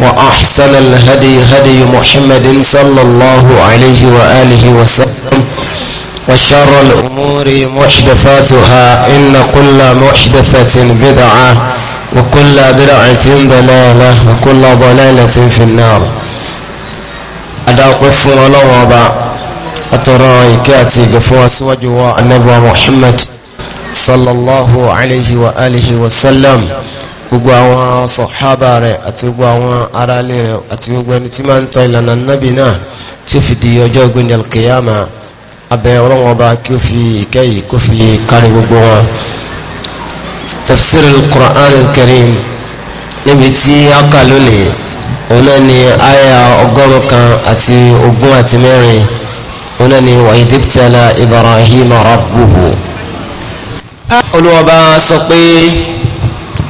وأحسن الهدي هدي محمد صلى الله عليه وآله وسلم وشر الأمور محدثاتها إن كل محدثة بدعة وكل بدعة ضلالة وكل ضلالة في النار أدعوكم الله وبا أترى كاتي قفوا سوجوا النبي محمد صلى الله عليه وآله وسلم gbogbo àwọn sọ̀hábà rẹ̀ àti gbogbo àwọn aráalé rẹ̀ àti gbogbo ẹni tí máa ń tọ́ ìlànà nábì náà tí ó fi di ọjọ́ ìgbéǹde alkiyama abẹ ọlọ́wọ́n ọba kí ó fi ìkẹyìí kó fi kárí gbogbo wọn. tafsirul Qur'an al níbi tí a kà lónìí òun náà ni àyà ọgọ́rùn kan àti ogún àti mẹ́rin òun náà ni wa idibtala Ibrahima rabbuhu. olùwọ́ba sọ pé.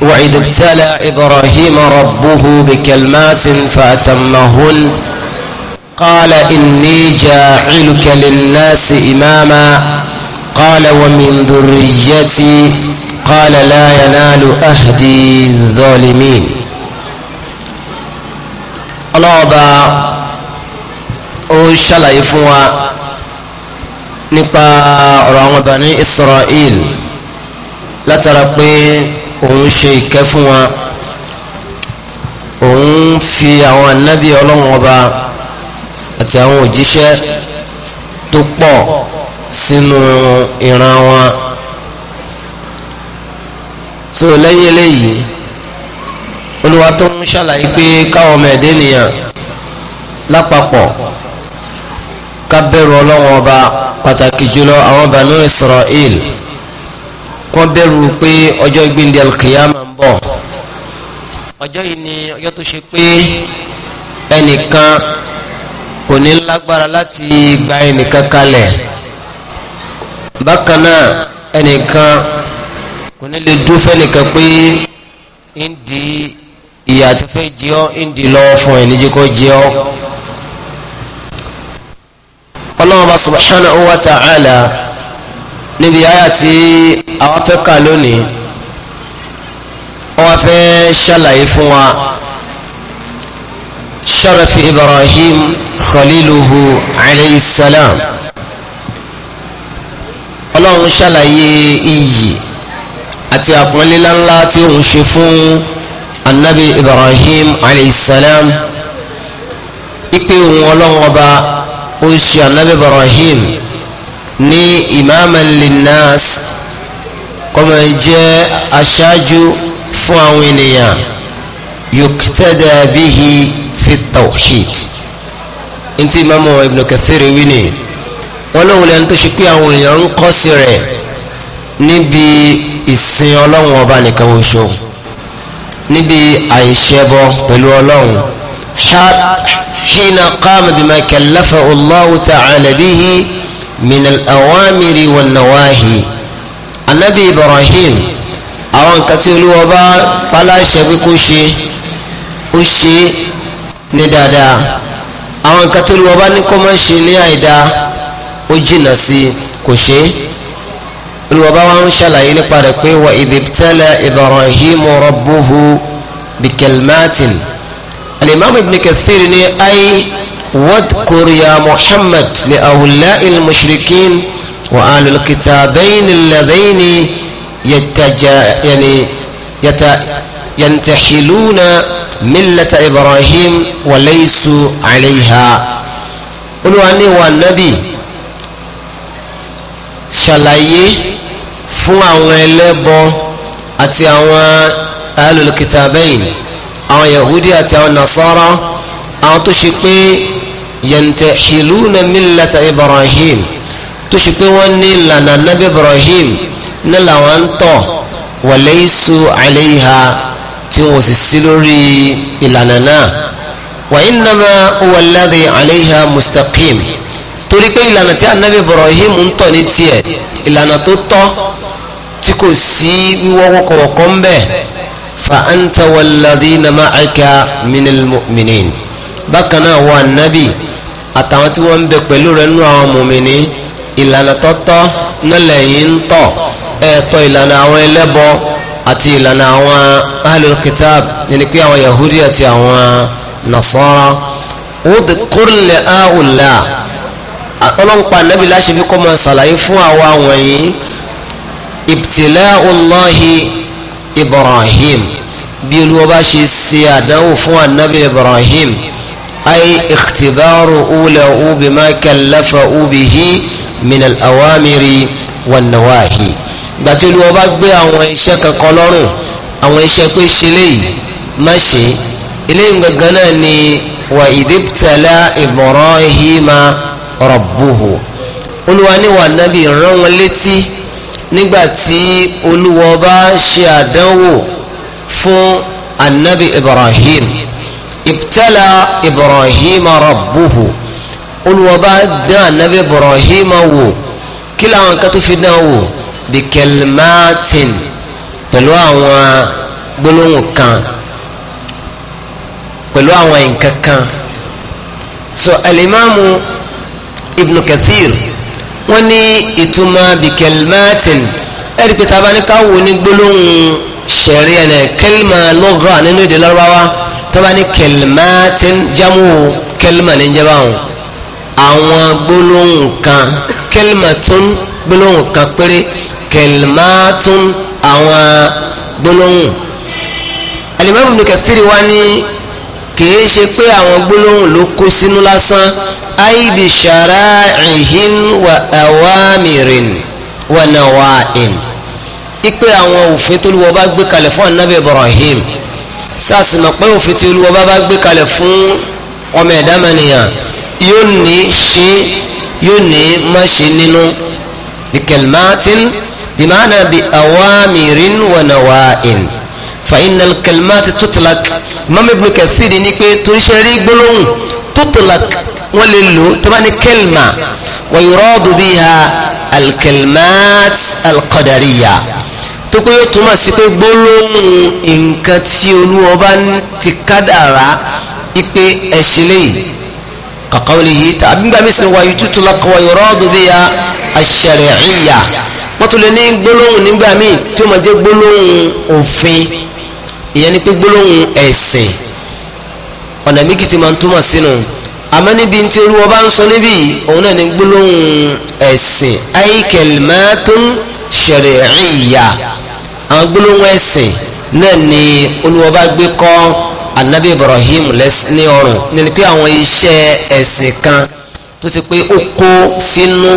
وإذ ابتلى إبراهيم ربه بكلمات فأتمهن قال إني جاعلك للناس إماما قال ومن ذريتي قال لا ينال أهدي الظالمين الله ó ṣàlàyé fún wa nípa ọ̀rọ̀ àwọn Bani Israel látara pé. òun ṣe ìkẹ́ fún wa òun fi àwọn ànábì ọlọ́run ọba àti àwọn òjíṣẹ́ tó pọ̀ sínú ìran wa so lẹ́yìn eléyìí olúwa tó ń ṣàlàyé pé káwọn ọmọ ẹ̀dẹ́ nìyàn lápapọ̀ ká bẹ̀rù ọlọ́run ọba pàtàkì jùlọ àwọn Banu Israel kọ́ bẹ̀rù pé ọjọ́ ìgbéǹde alkiyama ń bọ̀ ọjọ́ yìí ni ọjọ́ tó ṣe pé ẹnìkan kò ní lágbára láti gba ẹnìkan kalẹ̀ bákan náà ẹnìkan kò ní lè dúró fẹ́nìkan pé ń di ìyà àti fẹ́ jẹ ọ́ ń di fún ẹ̀ níjẹ́ kó jẹ ọ́ Allah subhanahu wa ta'ala níbi àyà tí àwọn fẹ́ kà lónìí wọ́n fẹ́ ṣàlàyé fún wa sharafi ibrahim khaliluhu alayhi salam ọlọ́run ṣàlàyé iyì àti àpọ́nlélá ńlá tí òun ṣe fún anabi ibrahim alayhi salam ipe òun ọlọ́run ọba ó ṣe anabi ibrahim ní imaman linnas kọ́mọ jẹ́ aṣáájú fún àwọn ènìyàn yuktada bihi fi tawhid ntí imaamu ibn kathir wí ni wọn lóun lẹnu tó ṣe pé àwọn èèyàn ń kọ́ sí rẹ̀ níbi ìsìn ọlọ́run ọba nìkan oṣù níbi àìṣẹbọ pẹ̀lú ọlọ́run hina qama bima kallafa Allahu ta'ala bihi minal awamiri wa nawahi anabi ibrahim àwọn nǹkan tí olúwa bá paláṣẹ bí kò ṣe ó ṣe ní dáadáa àwọn nǹkan tí olúwa bá ní kó má ṣe ní àìdáa ó jìnnà sí kò ṣe olúwa bá wọn ṣàlàyé nípa rẹ̀ pé wa idibtala ibrahim rabbuhu bikelmatin alimami ibn kathir ni ayi. واذكر يا محمد لأولاء المشركين وآل الكتابين اللذين يتجا يعني يت ينتحلون ملة إبراهيم وليسوا عليها قلوا أني والنبي ṣàlàyé fún àwọn ẹlẹ́bọ àti àwọn alul kitabain àwọn yahudi àti àwọn yantahiluna millata ibrahim tó ṣe pé wọ́n ní ìlànà nabi ibrahim ní làwọn ń tọ̀ walaysu alayha tí wọ́n sì sí lórí ìlànà náà wa innama huwa alladhi alayha mustaqim torí pé ìlànà tí anabi ibrahim ń tọ̀ ní tiẹ̀ ìlànà tó tọ́ tí kò sí wíwọ́ wọ́kọ̀wọ́kọ́ ń bẹ̀ fa anta walladhina ma'aka minal mu'minin bákan náà wọ anabi àtàwọn tí wọ́n ń bẹ pẹ̀lú rẹ̀ nú àwọn mùmìnì ìlànà tọ́tọ́ nílẹ̀ yìí ń tọ̀ ẹ̀ẹ̀tọ́ ìlànà àwọn ẹlẹ́bọ àti ìlànà àwọn ahlul kitab ẹni pé àwọn yahudi àti àwọn nasara wọ́n kúrìlẹ̀ àwùlà ọlọ́npa nàbí láṣẹ fi kọ́ mọ́ ṣàlàyé fún àwa wọ̀nyí ìbtìlẹ̀ ọlọ́hì ibrahim bí olúwa bá ṣe ṣe àdánwò fún ànábì ibrahim. أي اختبار أوله بما كلفه به من الأوامر والنواهي gbàtí olúwa bá gbé àwọn iṣẹ́ kankan lọ́rùn àwọn iṣẹ́ pé ṣe léyìí má ṣe eléyìí gangan náà ni wà ìdíbitẹ́lá Ibrahima rabbuhu olúwa ní wà nábì rán wọn létí nígbà tí olúwa bá ṣe àdánwò fún anabi Ibrahim ìbítẹ́lá ibrahim rabbuhu olùwọ́ba dán anabi ibrahim wò kí làwọn kan tó fi dán wò bikelmatin pẹ̀lú àwọn gbólóhùn kan pẹ̀lú àwọn nǹkan kan so alimami ibn kathir wọ́n ní ìtumọ̀ bikelmatin ẹ̀rí pé tá a bá ní ká wò ní gbólóhùn sẹ̀rí ẹ̀ náà kẹ́lìmà lọ́gà nínú èdè lọ́rọ́báwá tọ́ba ní kẹlmátín jámù kẹlmà ní jẹ́ báwọn àwọn gbólóhùn kan kẹlmátún gbólóhùn kan péré kẹlmátún àwọn gbólóhùn alimami Ibn Kathir wa ní kìí ṣe pé àwọn gbólóhùn ló kó sínú lásán aibi shara'ihin wa awamirin wa nawa'in ipe àwọn òfin tó lùwọ́ bá gbé kalẹ̀ fún anabi Ibrahim sars mọ̀ pé òfin tí olúwa bá bá gbé kalẹ̀ fún ọmọ ẹ̀dá mẹ́nìyàn yóò ní ṣe yóò ní má ṣe nínú bikalmatin bimaana bi awamirin wa nawain fa innal kalmati tutlak mami ibn kathir ni pé toríṣẹ́ rí gbólóhùn tutlak wọ́n lè lò tó ní kelma wa yuradu biha alkalmat alqadariya. Al tó pé yóò túmọ̀ sí pé gbólóhùn nǹkan tí olúwa bá ti kádàrá ipe ẹ̀sìn léyìí kàkàwọ́lì yìí tá àbígbà mi sìn wáyé tútù lakọ̀wọ́ yọ̀rọ̀ ọ̀dùnbí ya àṣẹrẹ̀ẹ́yà wọ́n tún lè ní gbólóhùn nígbà míì tí ó jẹ́ gbólóhùn òfin ìyẹn ni pé gbólóhùn ẹ̀sìn ọ̀nà méjì tí máa túmọ̀ sínú àmọ́ níbi tí olúwa ń sọ níbí òun náà ni gbólóhùn ẹ̀sìn ay kalimatun shar'iyya àwọn gbólóhùn ẹ̀sìn náà ni Olúwa bá gbé kọ́ anabi Ibrahim ní ọrùn nínú pé àwọn iṣẹ́ ẹ̀sìn kan tó ṣe pé ó kó sínú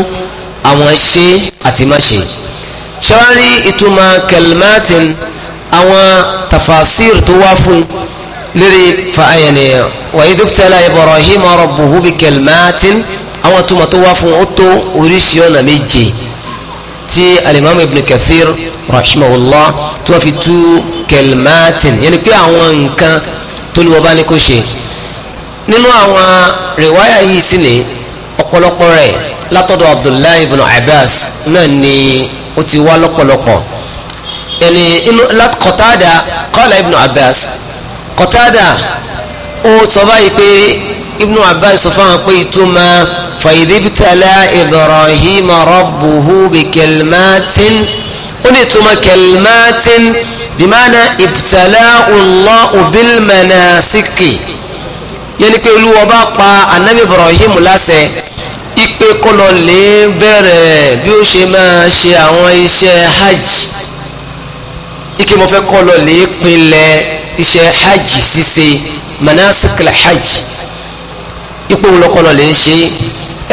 àwọn ṣe àti má ṣe ṣọ́ọ́rí ìtumọ̀ kelmatin àwọn tafasir tó wá fún lérí fàáyẹnì wa idh Ibrahim rabbuhu bi kelmatin àwọn ìtumọ̀ tó wá fún ó tó oríṣi ọ̀nà méje tí alimami ibn kathir rahimahullah tí wọ́n fi tú kelmatin yẹn ni pé àwọn nǹkan tó lè wọ́n bá ní kó ṣe nínú àwọn rìwáyà yìí sì ni ọ̀pọ̀lọpọ̀ rẹ̀ látọ̀dọ̀ abdullahi ibn abbas náà ni ó ti wá lọ́pọ̀lọpọ̀ yẹni inú kọ́tádà qala ibn abbas kọ́tádà ó sọ báyìí pé ibnu abbas sọ fún wọn pé ìtumọ̀ fàyídébítàlá ibrahim rabbuhu bi kẹlmátin ó ní ìtumọ̀ kẹlmátin bimana ibtala Allahu bil manasiki yẹni pé olúwa bá pa anabi ibrahim láṣẹ ipe kọlọ lè bẹ̀rẹ̀ bí ó ṣe máa ṣe àwọn iṣẹ́ hajj ike mo fẹ́ kọlọ lè pinlẹ̀ iṣẹ́ hajj ṣíṣe manasikil hajj ipò ńlọkọlọ lè ń ṣe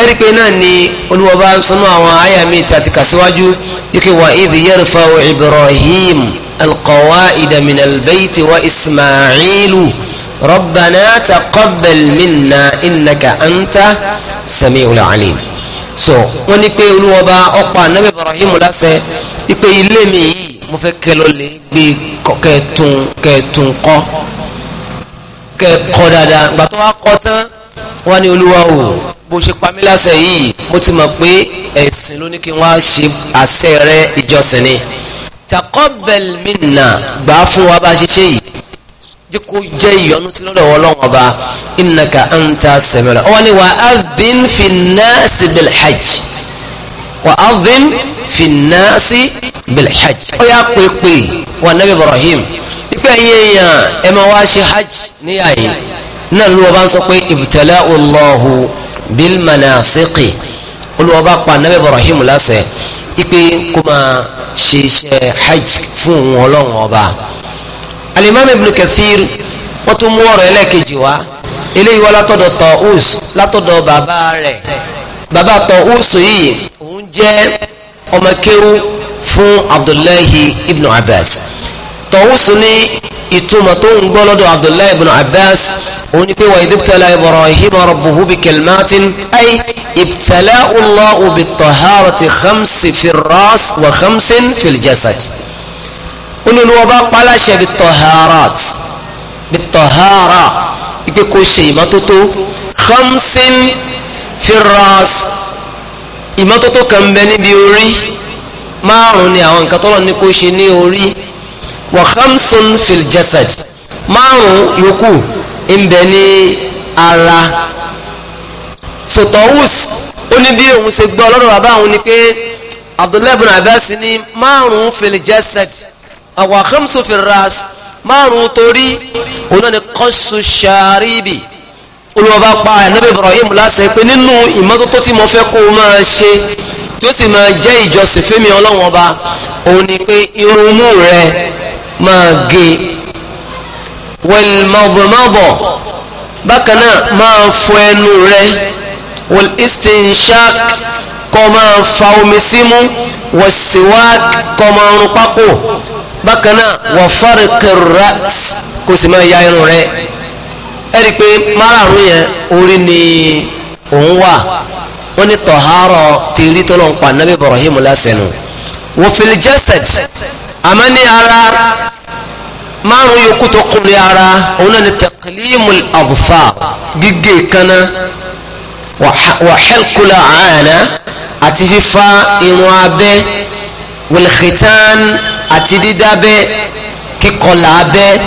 ẹ̀rí pé náà ni olúwa bá ń sọnù àwọn àyà mi tí a ti kà síwájú ike wa idh ibrahim alqawa'ida min albayti wa ismailu rabbana taqabbal minna innaka anta sami'ul alim so wọ́n ní pé olúwa bá ọ̀pá anabi ibrahim láṣẹ ipe ilé mi yìí mo fẹ́ kẹ́ lè gbé kẹ́ẹ̀tún kẹ́ẹ̀tún kọ́ kẹ́ẹ̀kọ́ dáadáa gbàtọ́ wa tán wọ́n ní olúwa o bó ṣe pa mí láṣẹ yìí mo ti mọ̀ pé ẹ̀sìn ló ní kí wọ́n á ṣe àṣẹ rẹ ìjọsìn ni taqabbal minna gbà á fún wa bá ṣe ṣe yìí jẹ́ kó jẹ́ ìyọnu sí lọ́dọ̀ Ọlọ́run Ọba innaka anta sẹ̀mẹ̀rẹ̀ ọwọ́ ni wà á dín fi nasi bil hajj wà á dín fi nasi bil hajj ó yà pépè wà nàbí Ibrahim ìpè yẹn yàn ẹ̀ máa wá ṣe hajj níyà yìí náà ló bá ń sọ pé ibtalahu Allahu bil manasiqi olùwọ́ bá pa anabi ibrahim láṣẹ ipe kó máa ṣe iṣẹ́ hajj fún òun ọlọ́run ọba alimami ibn kathir wọ́n tún mú ọ̀rọ̀ ẹlẹ́ẹ̀kejì wá eléyìí wá látọ̀dọ̀ tọ̀hús látọ̀dọ̀ bàbá rẹ̀ bàbá tọ̀hús yìí òun jẹ́ ọmọ fún abdullahi ibn abbas tọ̀hús ní ìtumọ̀ tó ń gbọ́ lọ́dọ̀ abdullahi ibn abbas ó ní pé wa idibtala ibrahim rabbuhu bi kalmatin ay ibtalahu allahu bi taharati khamsi fi ras wa khamsin fi jasad ó ní olúwa bá paláṣẹ bi taharat bi tahara ipe kó ṣe ìmọ́tótó khamsin fi ras ìmọ́tótó kan bẹ níbi orí márùn ni àwọn nǹkan tọ́lọ́ ní kó ṣe ní orí wa khamsun fil jasad márùn yòókù ń bẹ ní ara sotawus ó ní bí òun ṣe gbọ́ lọ́dọ̀ bàbá òun ni pé abdullahi ibn abbas ní márùn fil jasad wa khamsun fil ras márùn torí òun náà ni kọ́sù ṣàríbì olùwọ́ba pa ànábì ibrahim láṣẹ pé nínú ìmọ́tótó tí mo fẹ́ kó o máa ṣe tí ó sì máa jẹ́ ìjọsìn fẹ́mi ọlọ́wọ́n ọba òun ni pé irun mú rẹ máa gé wẹlmọbọmọbọ bákan náà máa fọ ẹnu rẹ wọl istinshak kọ máa fa omi símú wọsiwak kọ máa rún pákó bákan náà wọ fárikìrà kò sì máa ya irun rẹ ẹ pé márààrún yẹn orí ni òun wà wọ́n ní tọ̀hárọ̀ tìrí tó lọ́n pa nábì Ibrahim lásẹ̀ wọ́n fil jasad àmọ́ ní ara márùn yòókù tó kúnlẹ̀ ara òun náà ni taqlimul adfar gígé kaná wa halqul aana àti fífa irun abẹ́ wal khitan àti dídábẹ́ kíkọlà abẹ́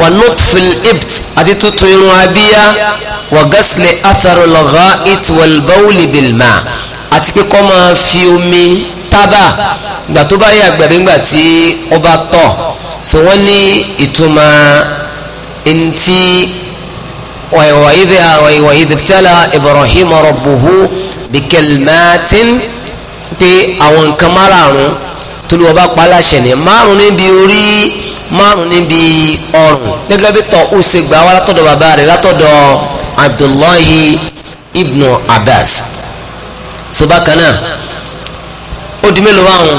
wa nutfil ibt àti tútù irun abíyá wa gasli atharul gha'it wal àti pé máa fi omi Taba, ìgbà tó bá yàgbẹ́ nígbà tí wọ́n bá tọ̀ so wọ́n ní ìtumọ̀ ntí wàyíwà ìdè wàyíwà ìdè tẹ́lá Ibrahim rabbuhu bikelmatin pé àwọn nǹkan márààrún tolu ọba paláṣẹ ni márùn níbi orí márùn níbi ọrùn gẹ́gẹ́ bí tọ́ ó ṣe gbà wá látọ̀dọ̀ bàbá rẹ̀ Abdullahi ibnu Abbas so bákan ó di mélòó báwọn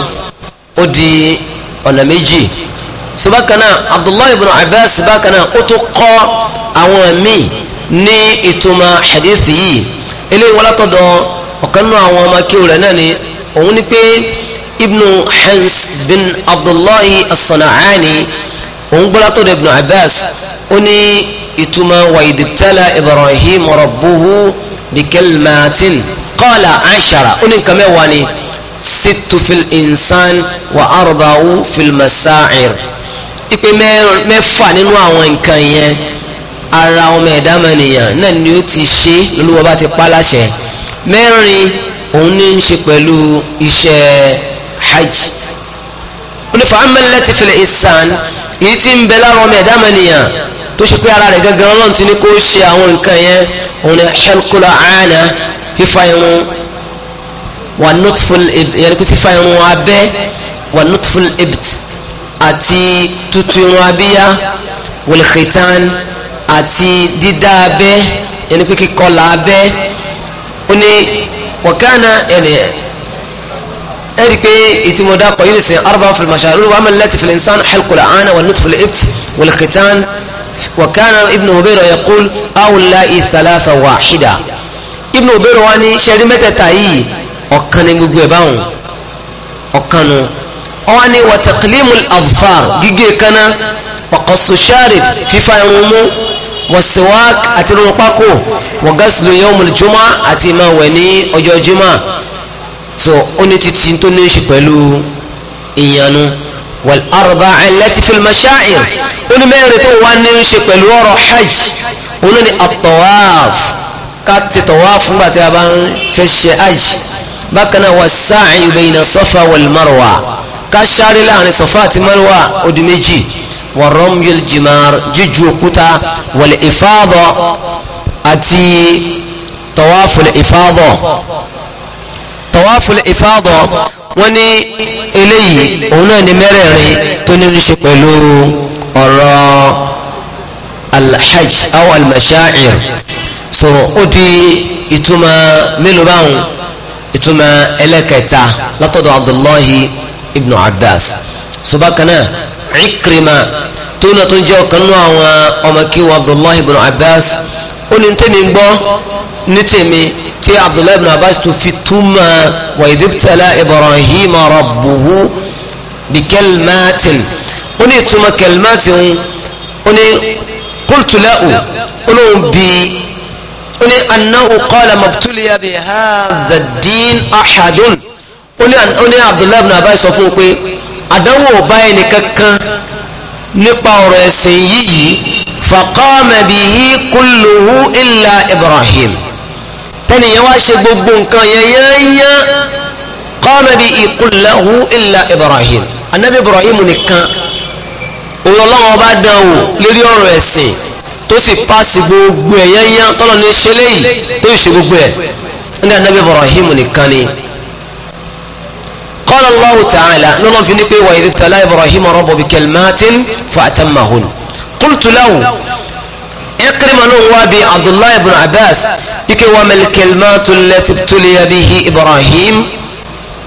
ó di ọ̀nà méjì so bákan náà abdullahi ibn abbas bákan náà ó tó kọ́ àwọn míì ní ìtumọ̀ hadithi yìí eléyìí wọn látọ̀dọ̀ ọ̀kan náà àwọn ọmọ kí rẹ̀ náà ni òun ni pé ibnu hans bin abdullahi as òun gbọ́ látọ̀dọ̀ ibn abbas ó ní ìtumọ̀ wàyídìbtálà ibrahim rabbuhu bikalmatin qala ashara ó ní nǹkan mẹ́wàá ni. ستو في الإنسان wa في المساعر. masa'ir ipe mẹ́fà nínú àwọn nǹkan yẹn ara ọmọ ẹ̀dá mẹ́nìyàn náà ni ó ti ṣe lọ́wọ́ bá ti pa láṣẹ mẹ́rin òun ní í ṣe pẹ̀lú iṣẹ́ hajj onífà amẹ́lẹ́tì fil insan èyí tí ń bẹ lára ọmọ ẹ̀dá mẹ́nìyàn tó ṣe pé ara rẹ̀ gangan ọlọ́run ti ní kó ṣe àwọn nǹkan yẹn òun ni halqul aana fífa irun wà nutful ibt yẹn kò ti fa irun abẹ́ wà nutful ibt àti tútù irun abíyá wal khitan àti dídá abẹ́ yẹn kò kíkọlà abẹ́ ó ní wọ̀kánà ẹ̀nì ẹ̀rí pé ìtìmọ̀dá kọ̀ yìí nìsín arba fil masharur wa amallati fil insan halqul aana nutful ibt wal khitan وكان ابن هبيرة يقول أو لا ثلاثة واحدة ابن هبيرة واني شرمتة تايي ọ̀kan ní gbogbo ẹ̀ báwọn ọ̀kan nu ọwọ́ ni wàtàkìlímù alfar gígé kaná pàkọ́sù sharib fífa irun mú wàsíwák àti irun pákó wàgásùlù yawmul juma àti máa wẹ̀ ní ọjọ́ juma so ó ní títí tó ní ṣe pẹ̀lú ìyanu wal arba'a allati fil mashaa'ir ó ní mẹ́rin tó wà ní ṣe pẹ̀lú ọ̀rọ̀ hajj ó ni at-tawaf ká ti tí a bá ń fẹ́ hajj bákan náà was-sa'yu bayna Safa wal Marwa ká sáré láàrin Safa àti Marwa ó di méjì wa ramyul jimar jíju òkúta wal ifada àti tawaful ifada tawaful ifada wọ́n ní eléyìí òun náà ni mẹ́rẹ̀ẹ̀rin tó ní ní ṣe pẹ̀lú ọ̀rọ̀ alhaj aw almashair so ó di ìtumọ̀ mélòó báwọn ìtumọ̀ ẹlẹ́kẹta látọ̀dọ̀ abdullahi ibn abbas subakana ikrima tó náà tó ń jẹ́ ọ̀kan nú àwọn ọmọ kí wọn abdullahi ibn abbas ó ní tèmi gbọ́ ní tèmi tí abdullahi ibn abbas tó fi túmọ̀ wa idibtala ibrahim rabbuhu bi kalmatin ó ní ìtumọ̀ kalmatin ó ní qultu ó ní annahu qala mabtuliya bi hadha ad-din ahadun ó ní abdullahi ibn abbas sọ fún un pé àdánwò ọba ẹnì kankan nípa ọ̀rọ̀ ẹ̀sìn yìí faqama bihi kulluhu illa ibrahim tẹ́nìyàn wá ṣe gbogbo nǹkan yẹn yán qama bihi kulluhu illa ibrahim anabi ibrahim nìkan òun ọlọ́run ọba dánwò lórí ọ̀rọ̀ ẹ̀sìn tó sì paasi gbogbo ẹ̀ yányán tọ́lọ̀ ní ṣe léyìí tó ìṣe gbogbo ẹ̀ ní anabi ibrahim nìkan ni. qala Allahu ta'ala lọ́nà fi ni pé wa idh ibtala ibrahim rabbuhu bi kalimatin fa atammahun qultu lahu ló ń wá bi abdullahi ibn abbas ike wa mal kalimatu allati ibtuliya bihi ibrahim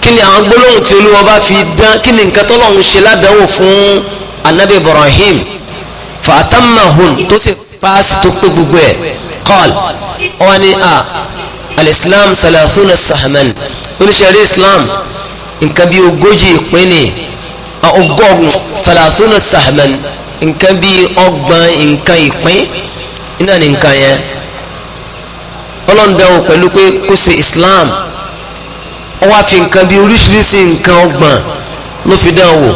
kí ni àwọn gbólóhùn tí olúwa bá fi dán kí ni nǹkan tọ́lọ́hún ṣe ládàáwò fún anabi ibrahim fa tó sì paasi tó pé gbogbo ẹ̀ kọ́l wọ́n ní a alislam salasuna sahaman oníṣẹ́rí islam nǹkan bí ogójì ìpín ni ọgọ́rùn salasuna sahaman nǹkan bí ọgbọ̀n nǹkan ìpín iná ni nǹkan yẹn ọlọ́ndẹ̀wò pẹ̀lú pé kó ṣe islam ó wá fi nǹkan bí oríṣiríṣi nǹkan ọgbọ̀n ló fi dánwò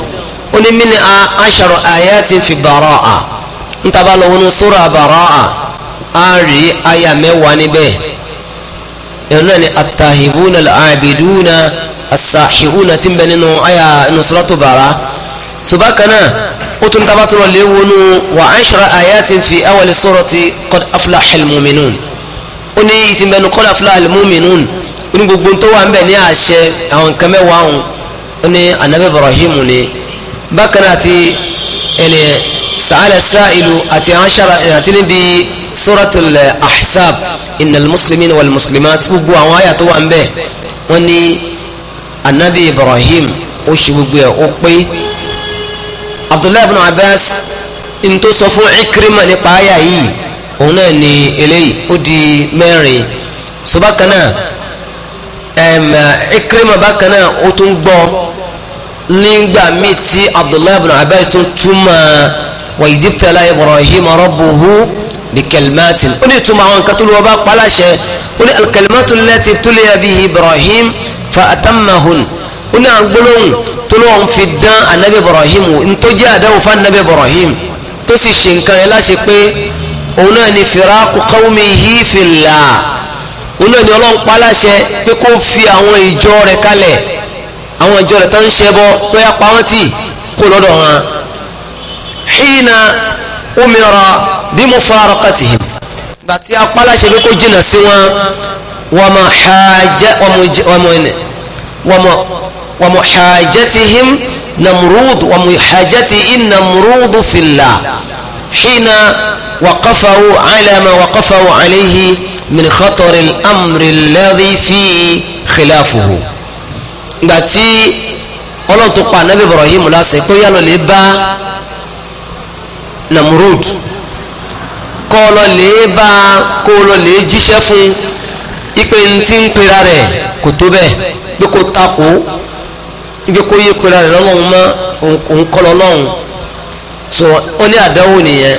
ó ní mí a aṣàrò àyà ti fi bàrọ̀ à ntaba lọ wọnú sura Baraa a rí aya mẹ́wàá níbẹ̀ ẹnu náà ni atahibuna al-abiduna asahihuna ti ń bẹ nínú aya nínú suratu Baraa subakana ó tún taba tó lọ lé wọnú wa ashra ayatin fi awali surati qad aflahal mu'minun ó ní yìí ti ń bẹ nínú qad aflahal mu'minun gbogbo tó wà ń bẹ ní àṣẹ àwọn nǹkan mẹ́wàá ọ̀hún anabi Ibrahim ni bákan ti ẹlẹ́yẹ sa'ala sa'ilu àti àti níbi suratul ahzab innal muslimin wal muslimat tí gbogbo àwọn àyà tó wà ń bẹ̀ wọ́n ní anabi ibrahim ó ṣe gbogbo ẹ̀ ó pé abdullahi ibn abbas n tó sọ fún ikrima nípa àyà yìí òun náà ni eléyìí ó di mẹ́rin so bákan náà ikrima bákan náà ó tún gbọ́ nígbà míì tí abdullahi ibn abbas tó túmọ̀ wa idibtala ibrahim rabbuhu bikalimatin ó ní ìtumọ̀ àwọn nǹkan tó lọ́wọ́ bá paláṣẹ ó ní alkalimatu lati tuliya bihi ibrahim fa atammahun ó ní àgbólóhùn tó lọ́wọ́ fi dán anabi ibrahim ntọ́jú àdáwò fún anabi ibrahim tó sì ṣe nǹkan ẹ̀ láṣẹ pé òun náà ni firaku qawmihi fillah òun náà ni ọlọ́run paláṣẹ pé kó fi àwọn ìjọ rẹ̀ kalẹ̀ àwọn ìjọ rẹ̀ tó ń ṣẹbọ pé apá wọn tì kó lọ́dọ̀ wọn. حين umira bí mufaraqatihim gbàtí apáláṣẹ pé kó jìnà sí wọn wàmọ̀ hajẹ́ ومحاجتهم نمرود ومحاجته نمرود في الله حين وقفوا على ما وقفوا عليه من خطر الأمر الذي في خلافه باتي قلت قال نبي إبراهيم لا سيكون يلو namrud kọ́ ọ lọ lè bá kó o lọ lè jíṣẹ́ fún ipe ntí ń pera kò tó bẹ́ẹ̀ bí kò takò ibi kò yé pera rẹ̀ lọ́lọ́run mọ́ òun kọ́ so ó ní àdánwò nìyẹn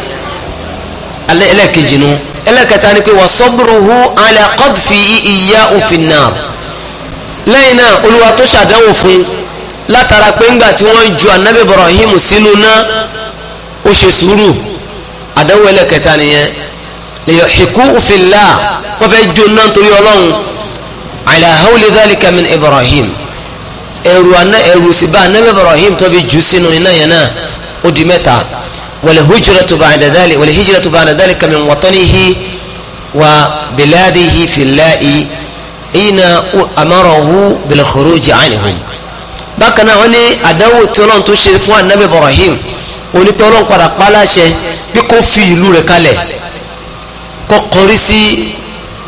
alẹ́ ẹlẹ́ẹ̀kejì nu ẹlẹ́ẹ̀kẹta ni pé wà sọ́bùrùhù ala qadfi ìyá òfin náà lẹ́yìn náà olúwa tó ṣàdánwò fún látara pé ńgbà tí wọ́n ju anabi Ibrahim sínú náà ó ṣe sùúrù àdánwò ẹlẹ́kẹta nìyẹn lèyọ ìkú òfìlà wọ́n fẹ́ jó náà torí ọlọ́run ala hawli dhalika min ibrahim ẹrù aná ẹrù sì bá anábẹ́ ibrahim tó fi jù sínú iná yẹn náà ó di mẹ́ta wal hijratu ba'da dhalika wal hijratu ba'da dhalika min watanihi wa biladihi fillahi hina amarahu bil khuruji anhum bákan náà wọ́n ní àdánwò tí ọlọ́run tó ṣe fún anábẹ́ ibrahim onítọ́ ọlọ́run padà pa láṣẹ bí kò fi ìlú rẹ̀ kalẹ̀ kọ́ kọrí sí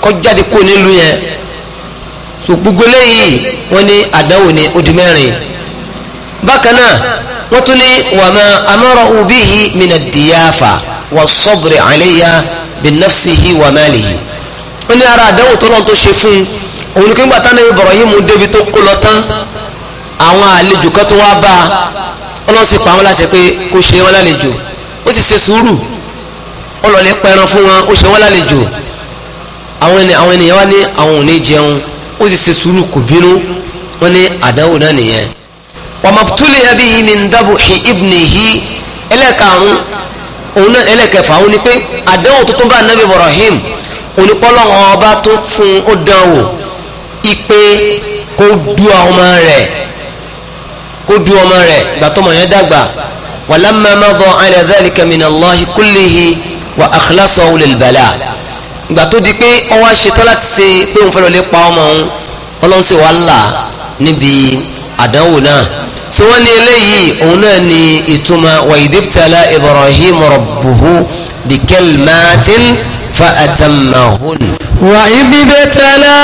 kọ́ jáde kó nílùú yẹn so gbogbo eléyìí wọ́n ní àdáwò ní odi mẹ́rin bákan náà wọ́n tún ní wàmà amọ́rọ̀ òbí yìí mina dìyàfà wà sọ́bùrì àléyà bí nafsi yìí wà máàlì yìí wọ́n ní ara àdáwò tó lọ́n tó ṣe fún un òun kí n gbà tán ní Ibrahim débi tó kó lọ tán àwọn àlejò kan tó wá bá a ọlọ́run sì pa wọn láṣẹ pé kó ṣe wọn lálejò ó sì ṣe sùúrù ọlọ́lẹ̀ pẹran fún wọn ó ṣe wọn lálejò àwọn ènìyàn wá ní àwọn ò ní jẹun ó sì ṣe sùúrù kò bínú wọn ní àdánwò náà nìyẹn. wàmọ̀túlẹ̀ ẹbí yìí ni ndábò ibni hi ẹlẹ́karùn òun náà ẹlẹ́kẹfà òun ni pé àdánwò tó tó bá nabi Ibrahim onípọ́lọ́ ọba tó fún ó dánwò ìpè kó du àwọn ọmọ rẹ̀ kó du ọmọ rẹ̀ gbàtọ́mọ yẹn dàgbà walamma madha ala dhalika min Allahi kullihi wa akhlasahu lil bala gbà tó di pé ọwọ́ ṣetán láti ṣe pé òun fẹ́ lọ lè pa ọmọ òun ọlọ́run sì wá là níbi àdánwò náà tí wọ́n ní eléyìí òun náà ní ìtumọ̀ wàyídìbtàlá Ibrahim rabbuhu bikalimatin fa atammahun. وإذ ابتلى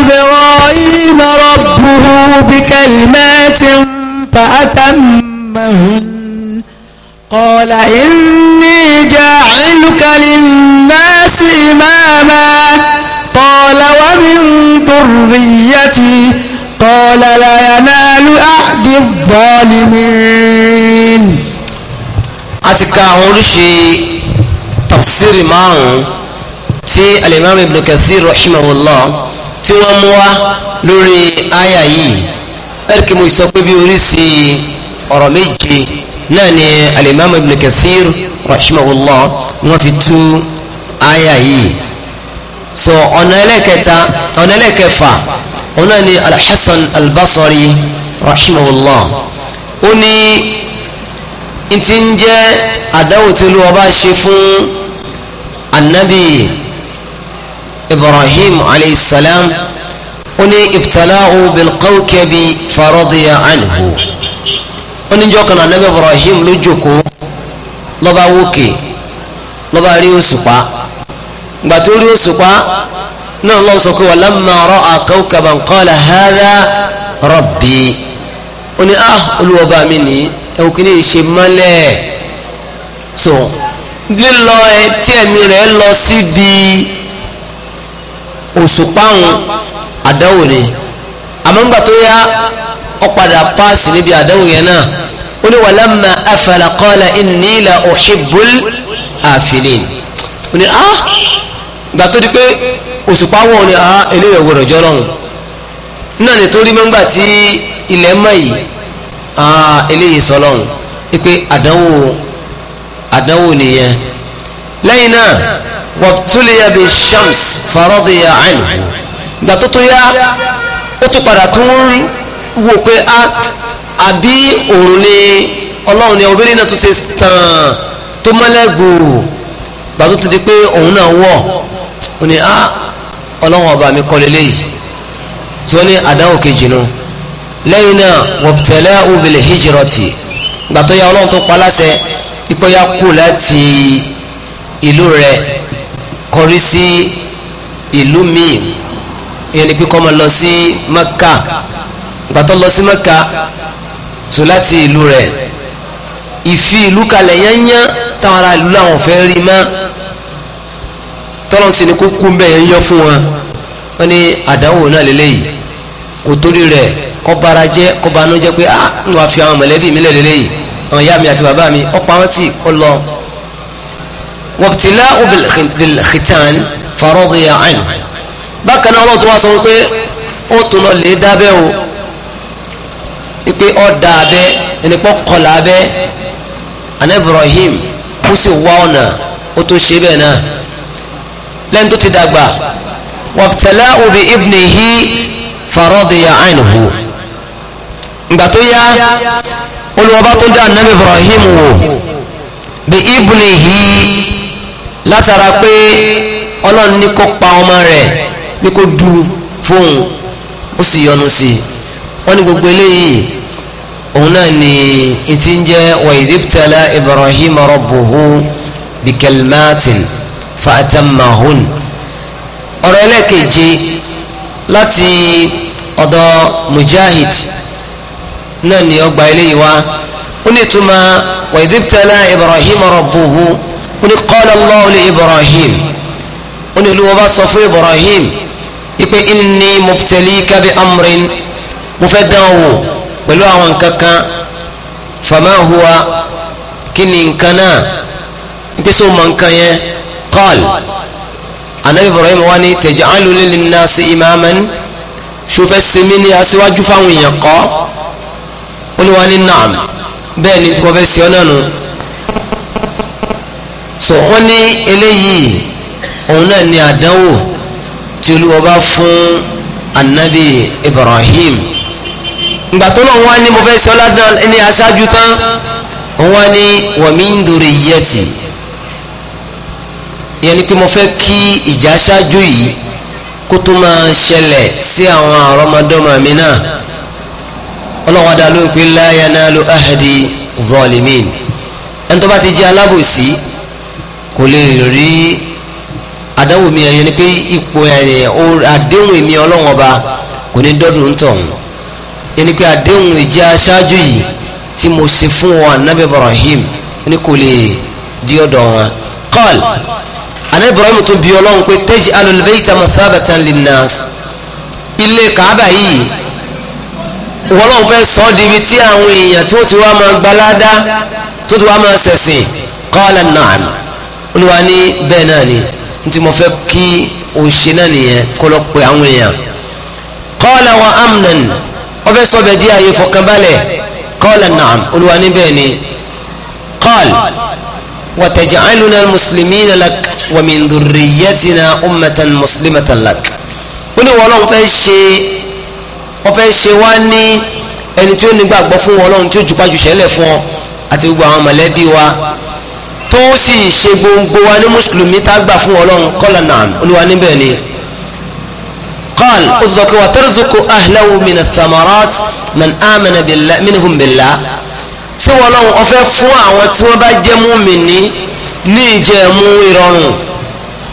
إبراهيم ربه بكلمات فأتمهن قال إني جاعلك للناس إماما قال ومن ذريتي قال لا ينال عهد الظالمين àti ka àwọn oríṣi tafsiri márùn-ún tí alimami ibn kathir rahimahullah tí wọ́n mú wá lórí àyà yìí ẹ̀rìkì mo sọ pé bí oríṣi ọ̀rọ̀ méje náà ni alimami ibn kathir wọ́n fi tú àyà yìí so ọ̀nà ẹlẹ́kẹta ọ̀nà ẹlẹ́kẹfà ọ̀nà ni alhassan albasari rahimahullah ó ní ti ń jẹ́ àdáwò tí olúwa bá ṣe fún anabi ibrahim alayhi salam ó ní ibtalahu bilkawkabi faradiya anhu ó ní jọ́kan anabi ibrahim ló jókòó lọ́ba wókè lọ́ba rí òṣùpá gbà tó rí òṣùpá náà lọ́wọ́ sọ pé walamma ra'a kawkaban qala hadha rabbi ó ah olúwọba mi ní ẹ̀wù kìíní ṣe so lílọ ẹ tí ẹ̀mí rẹ̀ lọ síbi òṣùpáhùn àdáwò ni àmọ́ngbà tó yá ọ̀padà páàsì níbi àdáwò yẹn náà ó ní walamma afala qala inni la uhibbul afilin ó ní ah gbà tó di pé òṣùpáhùn ni ah eléyìí ọ̀gbọ̀dọ̀ jọlọ́hùn náà ni torí mọ́ngbà tí ilẹ̀ mọ́ yìí ah eléyìí sọlọ́hùn pé àdánwò àdánwò nìyẹn lẹ́yìn náà wabtuliya bi shams faradiya anhu ìgbà tó tó yá ó tún padà tún rí wò pé a àbí òun ni ọlọ́run ni obìnrin náà tó ṣe tàn tó mọ́lẹ́gbòrò ìgbà tó tó di pé òun náà wọ̀ ó ní a ọlọ́run ọba mi kọ́ lélẹ́yìí tí wọ́n ní àdáwò kejì nu lẹ́yìn náà wọ̀pútẹ́lẹ́ òbílẹ̀ hijirọ́tì gbàtọ́ ya ọlọ́run tó pa láṣẹ ipò ya kú láti ìlú rẹ̀ kọrí sí ìlú míì ìyẹn ni pé kọ́ máa lọ sí Mẹ́kà ìgbà tó lọ sí Mẹ́kà so láti ìlú rẹ̀ ìfi ìlú kalẹ̀ yányá táwọn ará ìlú làwọn fẹ́ rí mọ́ tọ́lọ́ sí ni kó kú mbẹ́ yẹn fún wọn wọ́n ní àdánwò náà lélẹ́yìí kò torí rẹ̀ kọ́ bara jẹ́ kọ́ banú jẹ́ pé ah ń wá fi àwọn mọ̀lẹ́bí mi lẹ̀ lélẹ́yìí àwọn ìyá mi àti bàbá mi ọ̀pọ̀ àwọn tí kọ́ lọ wabtila'u bilkhitan faradiya anhu bákan náà ọlọ́tún wá sọ pé ó tún lọ lè dábẹ́ o ipe ọ̀dà abẹ́ ẹni pọ́ kọlà abẹ́ ana Ibrahim kó sì wá ọ̀nà ó tún ṣe bẹ́ẹ̀ náà lẹ́yìn tó ti dàgbà wabtila'u bi ibnihi faradiya anhu ìgbà tó yá olùwọ́bá tó dá anabi Ibrahim wò bi ibnihi látara pé ọlọ́run ní kó pa ọmọ rẹ̀ ní kó du fóun ó sì yọnu sí i wọ́n ní gbogbo eléyìí òun náà ni etí ń jẹ́ wàyídìbtala ibrahim rabbuhu bikelmatin fatamahun ọ̀rọ̀ ẹlẹ́kẹ̀jì láti ọ̀dọ̀ mujahid náà ni ọgbà eléyìí wá ó ní ìtumọ̀ wàyídìbtala ibrahim rabbuhu ó ní qala Allahu li Ibrahim ó ní olúwa bá sọ fún Ibrahim ipe inni mubtalika bi amrin mo fẹ́ dán wò pẹ̀lú àwọn nǹkan kan fama huwa kí ni nǹkan náà ipe sọ ma nǹkan anabi Ibrahim wa ni taj'aluni linnasi imaman sofẹ simi ni aṣíwájú fáwọn èèyàn naam bẹ́ẹ̀ ni tí wọ́n fẹ́ so wọ́n ní eléyìí òun náà ní àdánwò tí olúwa fún anabi ibrahim ìgbà tó lọ́wọ́ wá ní mo fẹ́ sọ ládàá ẹni aṣáájú tán wọ́n ní wa min duriyati ìyẹn ni pé mo fẹ́ kí ìjà aṣáájú yìí kó tó máa ṣẹlẹ̀ sí àwọn àrọ́mọdọ́mọ mi náà ọlọ́wọ́dà ló ń pè la yanalu ahdi zalimin ẹni tó bá ti jẹ́ alábòsí kò lè rí àdánwò mi ẹ̀yẹ ni pé ipò ẹ̀yẹ àdéhùn èmi ọlọ́run ọba kò ní dọ́dún tọ̀ ẹni pé àdéhùn ìjẹ́ aṣáájú yìí tí mo ṣe fún wọn anabi Ibrahim ni kò lè di ọ̀dọ̀ wọn. qal anabi Ibrahim tún bí ọlọ́run pé taj'alul bayta mathabatan linnas ilé kàábà yìí wọ́n lọ́n fẹ́ sọ ọ́ tí àwọn èèyàn tó ti wá máa gbalada tó ti wá máa ṣẹ̀sìn qala na'am olúwa ní bẹ́ẹ̀ náà ni n tí mo fẹ́ kí o ṣe náà nìyẹn kó lọ pe àwọn èèyàn qala wa amnan wọ́n fẹ́ sọ bẹ́ẹ̀ di ààyè fọkànbalẹ̀ qala na'am olúwa ní bẹ́ẹ̀ ni qala wa taj'aluna muslimina lak wa min dhurriyyatina ummatan muslimatan ó ní wọ́n lọ́n fẹ́ ṣe wọ́n fẹ́ ṣe wá ní ẹni tí ó nígbàgbọ́ fún wọn lọ́n tí ó jùpájù ṣẹlẹ̀ fún ọ àti gbogbo àwọn mọ̀lẹ́bí wa tó sì ṣe gbogbo wa ní mùsùlùmí tá a gbà fún ọlọ́run kọ́lá náà olúwa níbẹ̀ ni qal uzọkẹ wa tarzuqu ahlahu min athamarat man amana billah minhum billah sí ọlọ́run ọfẹ́ fún àwọn tí wọ́n bá jẹ́ mùmínì ní ìjẹ̀mú ìrọ̀rùn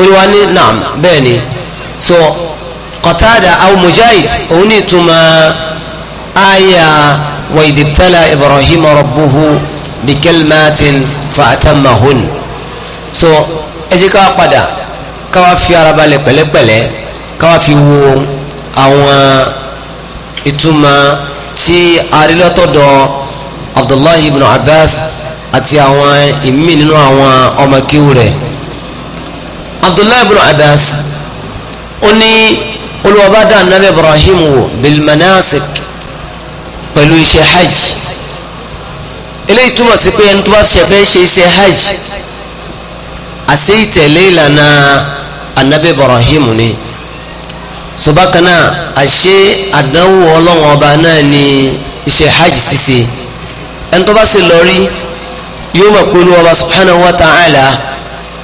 olúwa ní náà bẹ́ẹ̀ ni so Qatada aw Mujahid òun ní ìtumọ̀ aya wa idibtala Ibrahim rabbuhu bi kalimatin fa atammahun so ẹ jẹ́ ká padà ká wá fi ara balẹ̀ pẹ̀lẹ́pẹ̀lẹ́ ká wá fi wo àwọn ìtumọ̀ tí arílọ́tọ̀dọ̀ abdullahi ibn abbas àti àwọn ìmí nínú àwọn ọmọ kíw rẹ̀ abdullahi ibn abbas ó ní olùwàbádà anabi ibrahim wò bilmanasik pẹ̀lú iṣẹ́ hajj eléyìí túmọ̀ sí pé ẹni tó bá ṣe fẹ́ ṣe iṣẹ́ hajj àṣẹ ìtẹ̀lé ìlànà anabi ibrahim ni sọbákaná àṣẹ àdánwò ọlọ́wọ́n ọba náà ni iṣẹ́ hajj ṣíṣe ẹni tó bá ṣe lọ rí yóò mọ̀ pé olúwa ọba subhanahu wa ta'ala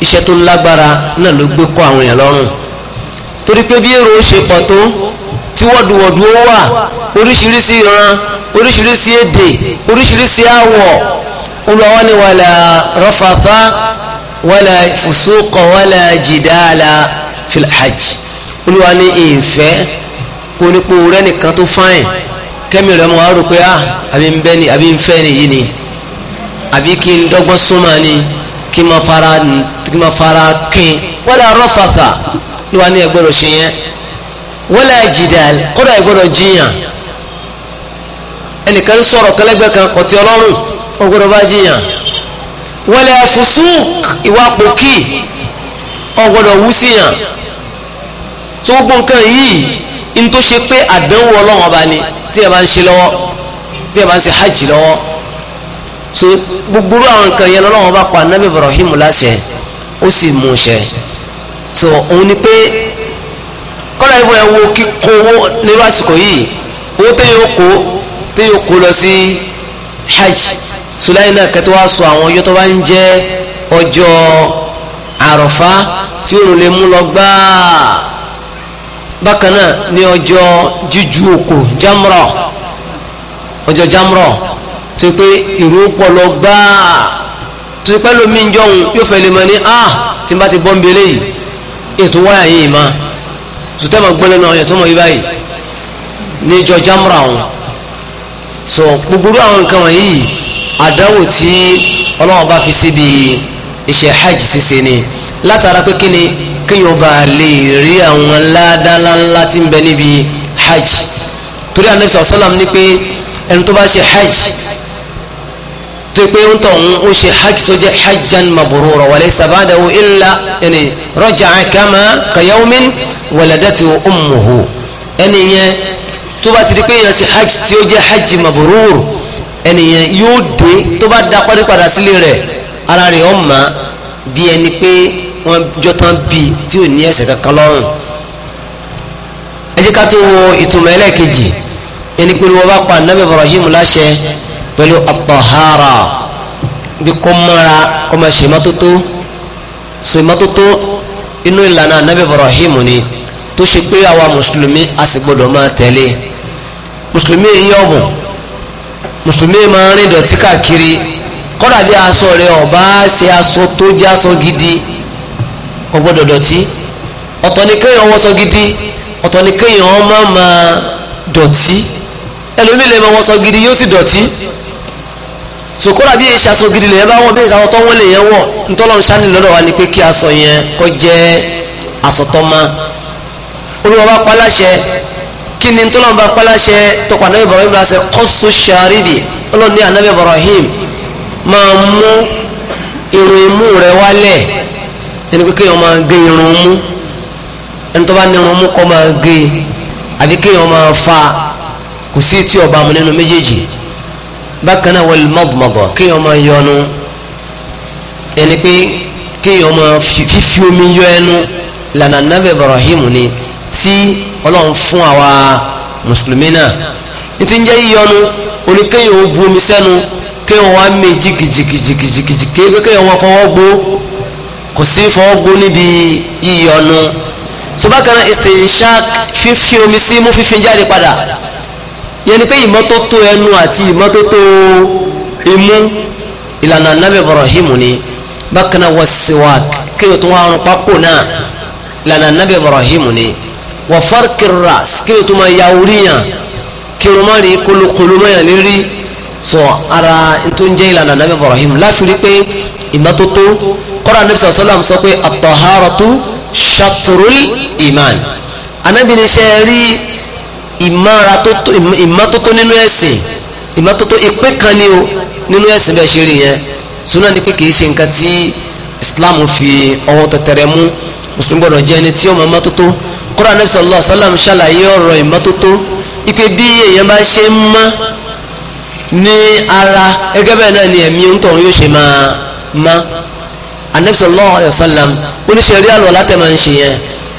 iṣẹ́ tó lágbára náà ló gbé kọ́ àwọn èèyàn lọ́rùn torí pé bí èrò ṣe pọ̀ tó tí wọ́dùwọ̀dù wà oríṣiríṣi ìran oríṣiríṣi èdè oríṣiríṣi àwọ̀ olùwàwọ́ ni wàlà rafatha wàlà fusuqa wàlà jìdáàlà fil hajj olùwà ni ìfẹ́ onípo rẹ nìkan tó fáìn kẹ́mi rẹ̀ mọ̀ á rò pé ah àbí ń bẹ́ ni àbí ń fẹ́ ni yìí ni àbí kí n dọ́gbọ́n súnmọ́ ni kí n máa fara kí n máa fara kín wàlà rafatha olùwà ni ẹ gbọ́dọ̀ ṣe yẹn wàlà jìdáàlà kọ́dọ̀ ẹ gbọ́dọ̀ jiyàn ẹnìkan sọ̀rọ̀ kẹlẹ́gbẹ́ kan kọ̀tí ọlọ́run ọgbọ́dọ̀ bá jiyàn wọlé fusuk ìwà pòkì ọgbọ́dọ̀ wú síyàn tó gbogbo nǹkan yìí n tó ṣe pé àdánwò ọlọ́run ọba ni tí ẹ bá ń ṣe lọ́wọ́ tí ẹ bá ń ṣe hajj lọ́wọ́ so gbogbo àwọn nǹkan yẹn lọ́wọ́ bá pa anabi Ibrahim láṣẹ ó sì mú un so òun ni pé kọ́lá ìwọ ẹ̀ wo kíkó owó nírú àsìkò yìí owó tó yẹ kó tí yóò kó lọ sí hajj sulayi náà kẹtẹ wàá sọ àwọn ọjọ́ tó bá ń jẹ́ ọjọ́ àròfá tí òun lè mú lọ gbáà bákan náà ní ọjọ́ jíju òkò jamra ọjọ́ jamra tó pé ìró pọ̀ lọ gbáà tó pẹ́ lómi ń jọ̀hún yóò fẹ́ lè mọ̀ ní a ah, tí n bá ti bọ́ ń yìí ètò wáyà yìí ma sùtẹ́ mọ̀ gbọ́lẹ́ náà ọ̀yẹ̀ tó mọ̀ yí báyìí ní ìjọ jamra ọ̀hún so gbogbo àwọn nǹkan wọ̀nyí àdáwò tí ọlọ́wọ́n bá fi síbi iṣẹ́ hajj ṣíṣe ni látara pé kí ni kéèyàn bá lè rí àwọn ńláńlá tí ń bẹ níbi hajj torí ànábì sọ̀sọ́làm ní pé ẹni tó bá ṣe hajj tó pé ń tọ̀ ń ó ṣe hajj tó jẹ́ hajjan mabrura walaysa ba'dahu illa ẹni raja'a kama ka yawmin waladatu ummuhu ẹni yẹn tó bá ti di pé èèyàn ṣe hajj tí ó jẹ́ hajj mabrur ẹnìyàn yóò dé tó bá da pàdé padà sílé rẹ̀ ara rẹ̀ ọ̀ ma bí ẹni pé wọ́n jọ tán bí tí ò ní ẹ̀ṣẹ̀ kankan lọ́rùn ẹ jẹ́ ká tó wo ìtumọ̀ ẹlẹ́ẹ̀kejì ẹni pé wọ́n bá pa anabi Ibrahim láṣẹ pẹ̀lú at bí kò mọ́ra kò máa ṣe ìmọ́tótó so ìmọ́tótó inú ìlànà anabi Ibrahim ni tó ṣe pé àwa mùsùlùmí a sì gbọ́dọ̀ máa tẹ̀lé mùsùlùmí yìí ọ̀gùn mùsùlùmí máa ń rìn dọ̀tí káàkiri kọ́dà bí aṣọ rẹ̀ ọ̀bá ṣe aṣọ tó jẹ́ aṣọ gidi kò gbọ́dọ̀ dọ̀tí ọ̀tọ̀ ni kéèyàn wọṣọ gidi ọ̀tọ̀ ni kéèyàn má máa dọ̀tí ẹlòmíì lè máa wọṣọ gidi yóò sì dọ̀tí sòkòrò àbí èyí ṣaṣọ gidi lè yẹn bá wọn bí ìṣàwọn tó wọn lè yẹn wọ ntọ́lọ́n ṣáni lọ́dọ̀ wa ni pé kí aṣọ yẹn kó jẹ́ aṣọ tó ma olùwọ́ bá pa láṣẹ kí ni tó lọ́nba pálásẹ tọkọ anabi ibrahim lásẹ kọ́sù sàríbì ọlọ́ni anabi ibrahim máa mú irun imú rẹ wálẹ̀ ẹni pé kéèyàn máa gé irun mú ẹni tó irun mú kọ́ máa gé àbí kéèyàn máa fa kò sí tí ọba mu nínú méjèèjì bákan náà wọlé mọ̀bùmọ̀bọ̀ kéèyàn máa yọnu ẹni pé kéèyàn máa fífi omi yọ ẹnu lànà anabi ibrahim ni tí ọlọ́run fún àwa mùsùlùmí náà ní ti ń jẹ́ yíyọnu oníkéyìn ó bu omi sẹ́nu kéwọn wá mí jìkìjìkìjìkìjìkì kéwọn wọn fọwọ́ gbó kò sí fọwọ́ gbó níbi yíyọnu sọbákan istinshaq fífi omi sí mú fífi jáde padà yẹn ni pé ìmọ́tótó ẹnu àti ìmọ́tótó imú ìlànà Ànábì Ibrahim ni bákan náà wọ́n siwak kéwọn tó wá rún pákó náà ìlànà Ànábì Ibrahim ni wà fárkìrà kí tó máa ya orí yàn kí wọ́n máa rí kolokolo mọ́yàn lérí sọ ara tó ń jẹ́ ìlànà nàbẹ́ Ibrahim láfiri pé ìmọ́tótó kọ́ra nàbẹ́ sọ̀rọ̀ sọ́lá sọ pé àtọ̀hárọ̀tú ṣàtúrúl ìmán anábìnrinṣẹ́ rí ìmọ́tótó nínú ẹ̀sìn ìmọ́tótó ìpín kan ní o nínú ẹ̀sìn bẹ́ẹ̀ ṣe rí yẹn sunan ni pé kì í ṣe nǹkan tí Islam fi ọwọ́ tẹ̀tẹ̀rẹ̀ mú mùsùlùmí gbọ́dọ̀ jẹ́ ẹni tí ó mọ́tótó kọ́ra anabi sallallahu alayhi sallam ṣàlàyé ọ̀rọ̀ ìmọ́tótó ipe bí èèyàn bá ṣe ń mọ́ ní ara gẹ́gẹ́ bẹ́ẹ̀ náà ni ẹ̀mí ń tọ̀hún yóò ṣe máa mọ́ anabi sallallahu alayhi sallam oníṣẹ́ rí àlọ́ látẹ̀mọ̀ ń ṣe yẹn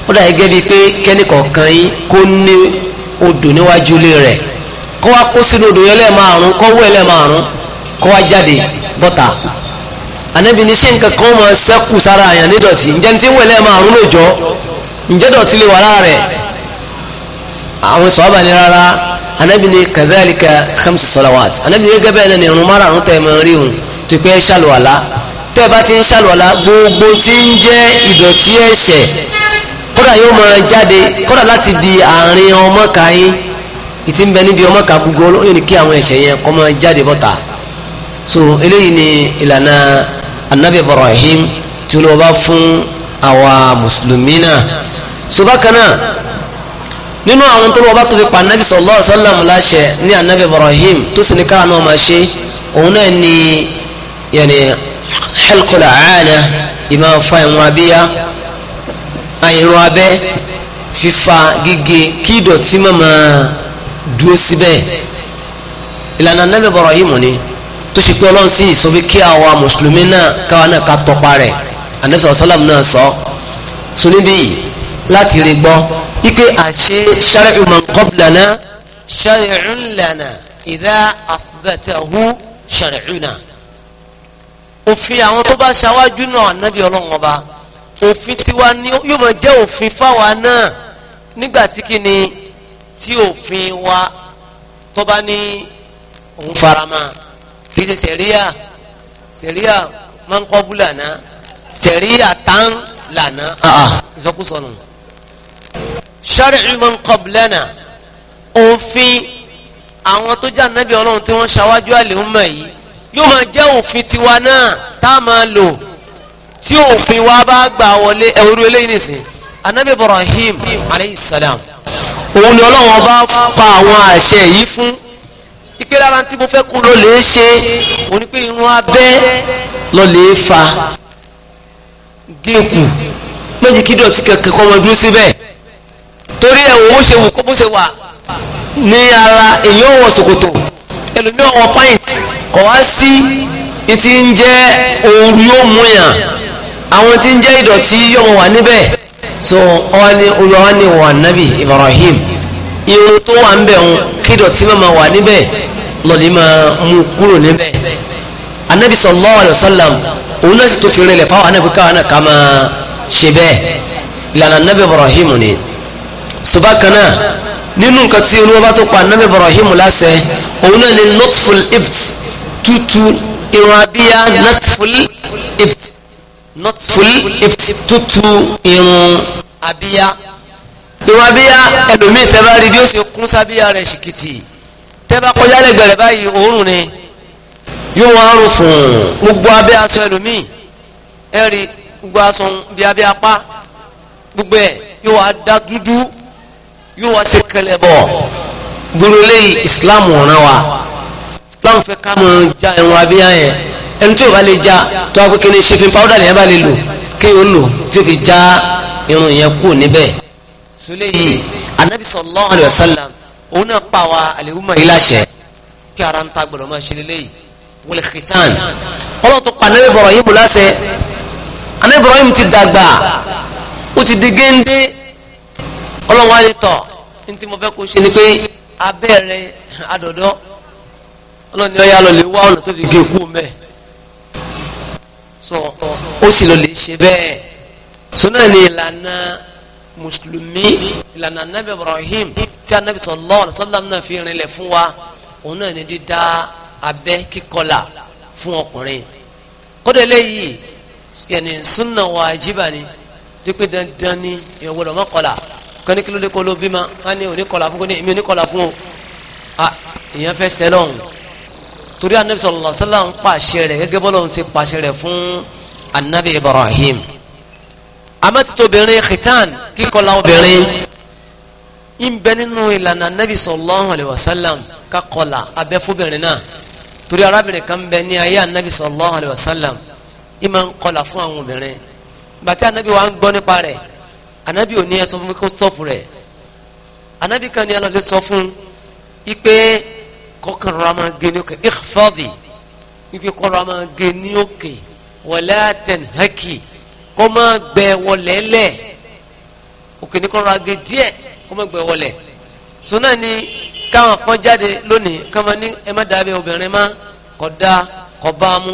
ó dà gẹ́gẹ́ bíi pé kẹ́nìkọ̀ọ̀kan yín kó ní odò níwájú ilé rẹ̀ kọ́ wa kó sínú odò yẹn lẹ́ẹ̀márùn kọ́ wọ́ máa ṣẹ́kù sára àyàn nídọ̀tí ǹjẹ́ dọ̀tí lè wà lára rẹ̀ àwọn sọ̀rọ̀ ní rárá anábì ní kadhalika khamsu salawat anábì ní gẹ́gẹ́ bẹ́ẹ̀ ní irun márùn-ún tẹ̀ mọ́ rí òun tó pé ṣàlùwàlá tẹ́ ẹ bá ti ń ṣàlùwàlá gbogbo tí ń jẹ́ ìdọ̀tí ẹ̀ṣẹ̀ kódà yóò máa jáde kódà láti di àárín ọmọ kàáyín ìtì ń bẹ níbi ọmọ kàá gbogbo olóyún ní kí àwọn ẹ̀ṣẹ̀ yẹn kó máa jáde bọ́ta so eléyìí ni ìlànà anábì Ibrahim tí olùwọ́ fún àwa mùsùlùmí náà ṣùgbọ́n kan náà nínú àwọn tó lọ́wọ́ bá tó fi pa anabi sallallahu alaihi wasallam láṣẹ ní anabi ibrahim tó sì ní káàánú ọmọ ṣe òun náà ni yẹni xelkola caana ìmọ̀ fa ìrún abíyá àìrún abẹ́ fífa gígé kí ìdọ̀tí má máa dúró síbẹ̀ ìlànà anabi ibrahim ni tó ṣe pé ọlọ́run sì sọ pé kí àwa mùsùlùmí náà káwa náà ká tọpa rẹ̀ anabi sallallahu alaihi wasallam náà sọ so láti rí gbọ́ ike àṣe shar'u man qablana shar'un lana idha athbathahu shar'una òfin àwọn tó bá ṣáwájú náà ànábì ọlọ́run ọba òfin tiwa ni yóò máa jẹ́ òfin fáwa náà nígbà tí kí ni tí òfin wa tó bá ní òun farama kì í ṣe sẹ̀ríà sẹ̀ríà máa ń kọ́ bú lànà sẹ̀ríà tán lànà ah, ah. ìsọkúsọ nù shar'u man qablana òfin àwọn tó jẹ́ ànábì ọlọ́run tí wọ́n ṣáwájú àlèhùnmọ̀ yìí yóò máa jẹ́ òfin tiwa náà tá a máa lò tí òfin wa bá gbà wọlé ẹ̀rú eléyìí nìsín ànábì Ibrahim aleyhi salam òun ni ọlọ́run ọba pa àwọn àṣẹ yìí fún ìpè lára tí mo fẹ́ kó lọ lè ṣe òní pé irun abẹ́ lọ lè fa géèkù méjì kí dọ̀tí kankan kọ́ ọmọ dúró síbẹ̀ torí ẹ̀ wò ó ṣe wù kó bó ṣe wà ní ara èyí ò wọ ṣòkòtò ẹlòmí ọ̀wọ́ pint kọ̀ wá sí ti ń jẹ́ ooru yóò mú yàn àwọn ti ń jẹ́ ìdọ̀tí yóò wà níbẹ̀ so ọwọ́ ni wa ni wà nábì Ibrahim irun tó wà ń bẹ̀ ń kí ìdọ̀tí máa wà níbẹ̀ lọ́ọ̀lì máa mú kúrò níbẹ̀ anabi sallallahu alayhi wa sallam òun náà sì tó fi rinlẹ̀ fáwọn anabi káwọn náà ká máa ṣe bẹ́ẹ̀ ìlànà anabi Ibrahim ni ṣùgbọ́n kan náà nínú nǹkan tí olúwa bá tó pa anabi ibrahim láṣẹ òun náà ni notful ibt tútù irun abíyá notful ibt notful ibt tútù irun abíyá irun abíyá ẹlòmíì tẹ́ bá rí bí ó ṣe kún sábíyá rẹ̀ ṣìkìtì tẹ́ bá kọjá lẹ́gbẹ̀ẹ́ báyìí òórùn ni yóò wọ́n arùn fún gbogbo abẹ́ aṣọ ẹlòmíì ẹ̀rí gbogbo aṣọ bí abẹ́ apá gbogbo ẹ̀ yóò wá dá dúdú yóò wá ṣe kẹlẹ́bọ̀ gbúrú léyìí islam ọ̀ràn wa islam fẹ́ ká mọ̀ já ẹ̀rùn abíyá yẹn ẹni tí o bá lè já tó a pé kí ni ṣèfín pàwọ́dà lè yẹn bá lè lò kí o lò tí o fi já irun yẹn kú níbẹ̀ so léyìí anabi sallallahu alayhi wa sallam òun náà pa wa àlehùmọ̀ yìí láṣẹ kí ara ń ta gbọdọ̀ máa ṣe léyìí wọlé kìtàn ọlọ́run tó pa anabi Ibrahim láṣẹ anabi Ibrahim ti dàgbà ó ti di géńdé ọlọ́run wáyé tọ̀ ntí mo fẹ́ kó ṣe ni pé abẹ́rẹ́ adọ̀dọ́ ọlọ́run ni ó yá lọ lè wá ọ̀nà tó fi gé kú mẹ́ sọ ó sì lọ lè ṣe bẹ́ẹ̀ sọ náà ni ìlànà mùsùlùmí ìlànà anabi ibrahim tí anabi sallallahu alaihi wasallam náà fi rinlẹ̀ fún wa òun náà ni dídá abẹ́ kíkọlà fún ọkùnrin kódà eléyìí yẹnì sunna wàjibà ni dípẹ́ dandan ni ìyẹn gbọ́dọ̀ kan ní kílódé kó ló bímọ á ní oníkọlà fún kó ní èmi oníkọlà fún o ah ìyẹn fẹ́ sẹ́lọ̀n torí anabi sallallahu alaihi wasallam ń pàṣẹ rẹ̀ gẹ́gẹ́ bọ́lọ̀ ń ṣe pàṣẹ rẹ̀ fún anabi ibrahim amẹ́tutù obìnrin khitan kíkọlà obìnrin ń bẹ nínú ìlànà anabi sallallahu alaihi wasallam kakọlà abẹ́fóbìnrin náà torí arábìnrin kan bẹ ní ayé anabi sallallahu alaihi wasallam ìmọ̀ ń kọlà fún àwọn obìnrin bàtí anabi wa ń gbọ́ nípa rẹ̀ anabi ò ní ẹ sọ fún mi kó stop rẹ anabi kan ní ẹ lọ sọ fún ipe kọkànrọ a máa gé ní òkè ìfọdì ipe kọrọ a máa gé ní òkè wọlé àtẹn hẹkì kọ máa gbẹ wọlé lẹ òkè ní kọrọ agé díẹ̀ kọ máa gbẹ wọlé sọnà ni káwọn kan jáde lónìí káwọn ní ẹ má dábẹ obìnrin má kódà kọbaamu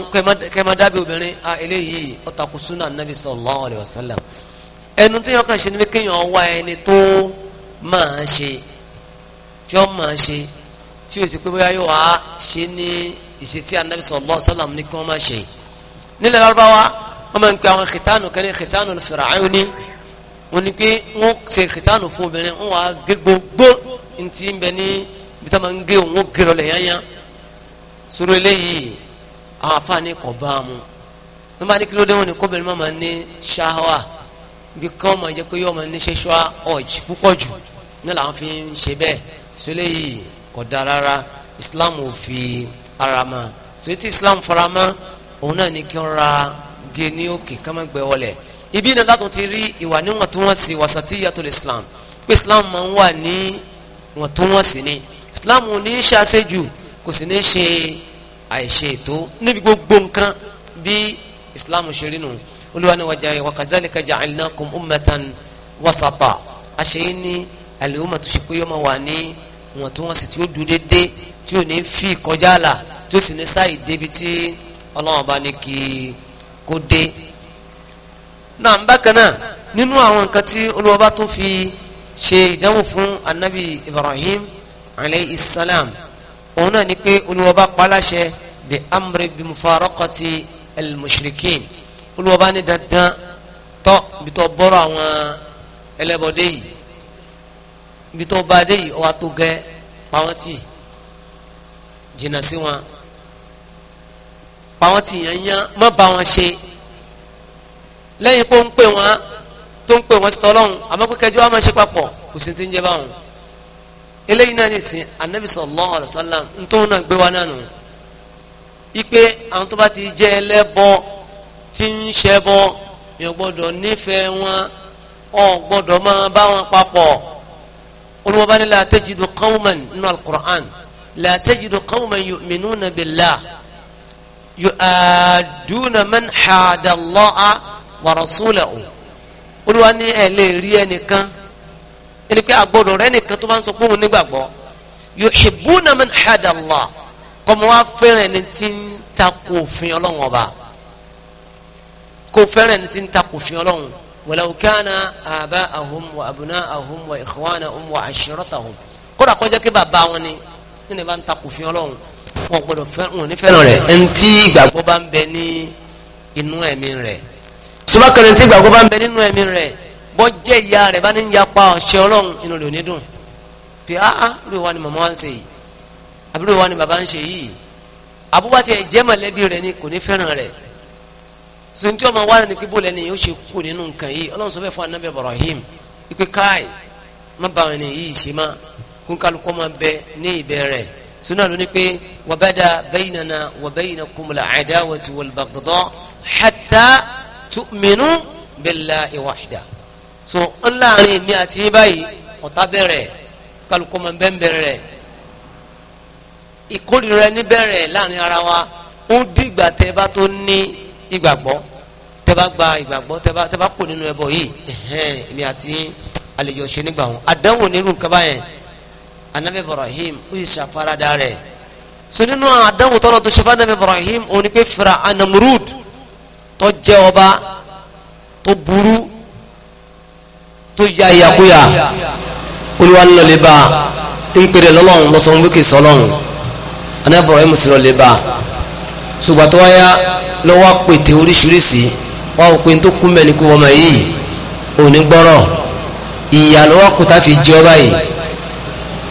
kẹ má dábẹ obìnrin a eléyìí ó tako sunna anabi sallallahu alayhi wa sallam ẹnu tó yàn kàn ṣe ni pé kéèyàn wá ẹni tó máa ṣe tí ó máa ṣe tí o sì pé bóyá yóò wá ṣe ní ìṣe tí anabi sallallahu alaihi wasallam ní kí wọ́n máa ṣe nílẹ̀ lárúbáwá wọ́n máa ń pe àwọn kìtánù kẹ́ni kìtánù fìràáyóní wọ́n ní pé wọ́n ṣe kìtánù fún obìnrin wọ́n wá gé gbogbo ntí ń bẹ ní bí tá máa ń gé òun ó gé lọlẹ̀ yányá sọ̀rọ̀ eléyìí àwọn afáàní kọ̀ bá mu wọ́n máa ní kí ló wọn ni kóbìnrin máa ní ṣáwá bí kọ́ ma jẹ́ pé yọ́ ma ní sexual urge púpọ̀ jù ní là fi ń ṣe bẹ́ẹ̀ sọlẹ̀ yìí kò da rárá islam ò fi ara mọ́ sọlẹ̀ tí islam fara mọ́ òun náà ní kí n ra gé ní òkè ká má gbẹ wọlé ibi náà látún ti rí ìwà níwọ̀ntúnwọ̀nsì wasatiyatul islam pé islam máa ń wà ní wọ̀ntúnwọ̀nsì ni islam ò ní ṣàṣejù kò sì ní ṣe àìṣe ètò níbi gbogbo nǹkan bí islam ṣe rí nù olúwa ni wàjà wa kadhalika ja'alnakum ummatan wasata àṣeyí ní àlèhùnmá tó ṣe pé yọmọ wà ní wọn tó wọn sì tí ó dúró dédé tí ò ní fi kọjá là tó sì ní sáì débi tí ọlọ́wọ́n bá ní kí kó dé. náà bákan náà nínú àwọn nǹkan tí olúwa bá fi ṣe ìdánwò fún anabi ibrahim alayhi salam òun náà ni pé olúwa bá pa láṣẹ bi amri bi mufaraqati mushrikin olùwọ́ bá ní dandan tọ́ ibi tó bọ́rọ̀ àwọn ẹlẹ́bọ̀dé yìí ibi tó bá dé yìí ọwọ́ tó gẹ́ pàwọn tì jìnnà sí wọn pàwọn tì yẹn yán má bá wọn ṣe lẹ́yìn pé ó ń pè wọ́n tó ń pè wọ́n sí tọ́lọ́hún àmọ́ pé kẹjọ́ wa máa ṣe papọ̀ kò sí ti ń jẹ́ báwọn eléyìí náà nìsín anabi sallallahu alaihi wasallam ntòun náà gbé wa náà nù ipe àwọn tó bá ti jẹ́ ẹlẹ́bọ̀ọ́ tí ń ṣẹbọ yóò gbọ́dọ̀ nífẹ̀ẹ́ wọn ọ gbọ́dọ̀ máa bá wọn papọ̀ olùwọ́bá ni la tajidu qawman nínú alukur'an la tajidu qawman yu'minuna billah yu'aduna man haada Allaha wa rasulahu olùwà ni ẹ lè rí ẹnìkan ẹni pé àgbọ̀dọ̀ rẹ nìkan tó bá ń sọ pé òun nígbàgbọ́ yuhibbuna man haada Allah wa fẹ́ràn ẹni tí ń takò òfin ọlọ́wọ́n ọba kó fẹ́ràn ní ti ń takò fi ọlọ́run walau kana aba'ahum wa abna'ahum wa ikhwanahum wa ashiratahum kódà kọjá kí bàbá wọn ni nínú ìbá ń takò fi ọlọ́run wọn gbọdọ̀ wọn ní fẹ́ràn rẹ̀ ẹni tí ìgbàgbọ́ bá ń bẹ ní inú ẹ̀mí rẹ̀ sọ́mọ́kànnì tí ìgbàgbọ́ bá ń bẹ nínú ẹ̀mí rẹ̀ bọ́ ìyá rẹ̀ bá ní ń yapa ọ̀ṣẹ́ ọlọ́run inú rẹ̀ ò ní dùn so ní tí ọmọ wa ni pípọ̀ lẹ́ni yóò ṣe kú nínú nǹkan yìí ọlọ́run sọ fẹ́ fún anabi Ibrahim ipe káì má ba àwọn ènìyàn yìí ṣe má kún kálukọ́ máa bẹ ní ìbẹ̀rẹ̀ sunna ló ní pé wabada baynana wa baynakumul adawatu wal baghdha hatta tu'minu billahi wahda so ńláàrin mi àti yín báyìí ọ̀tá bẹ̀rẹ̀ kálukọ́ máa bẹ́ ń bẹ̀rẹ̀ ìkórìíra ní bẹ̀rẹ̀ láàrin ara wa ó dìgbà tẹ́ bá tó ní ìgbàgbọ́ tẹ́bá gba ìgbàgbọ́ tẹ́bá kò nínú ẹbọ yìí ẹ̀hẹ́n èmi àti àlejò ṣe nígbà wọn àdánwò nínú nǹkan báyẹn anabi ibrahim ó sì ṣàfaradà rẹ̀ so nínú àdánwò tọ́lọ́ tó ṣe fún anabi ibrahim ó ní pé fira anamrud tó jẹ́ ọba tó burú tó ya ìyàkúyà olúwa ń bá ń pèrè lọ́lọ́run lọ́sọ̀rọ̀ wíkì sọ́lọ́run anabi ibrahim sì lọlé bá ṣùgbọ́n tó wáyà lọ́wọ́ pètè oríṣiríṣi wọn ò pe tó kú mẹ́ni kú ọmọ yìí òní gbọ́rọ̀ ìyá lọ́wọ́ kúta fi jẹ́ ọba yìí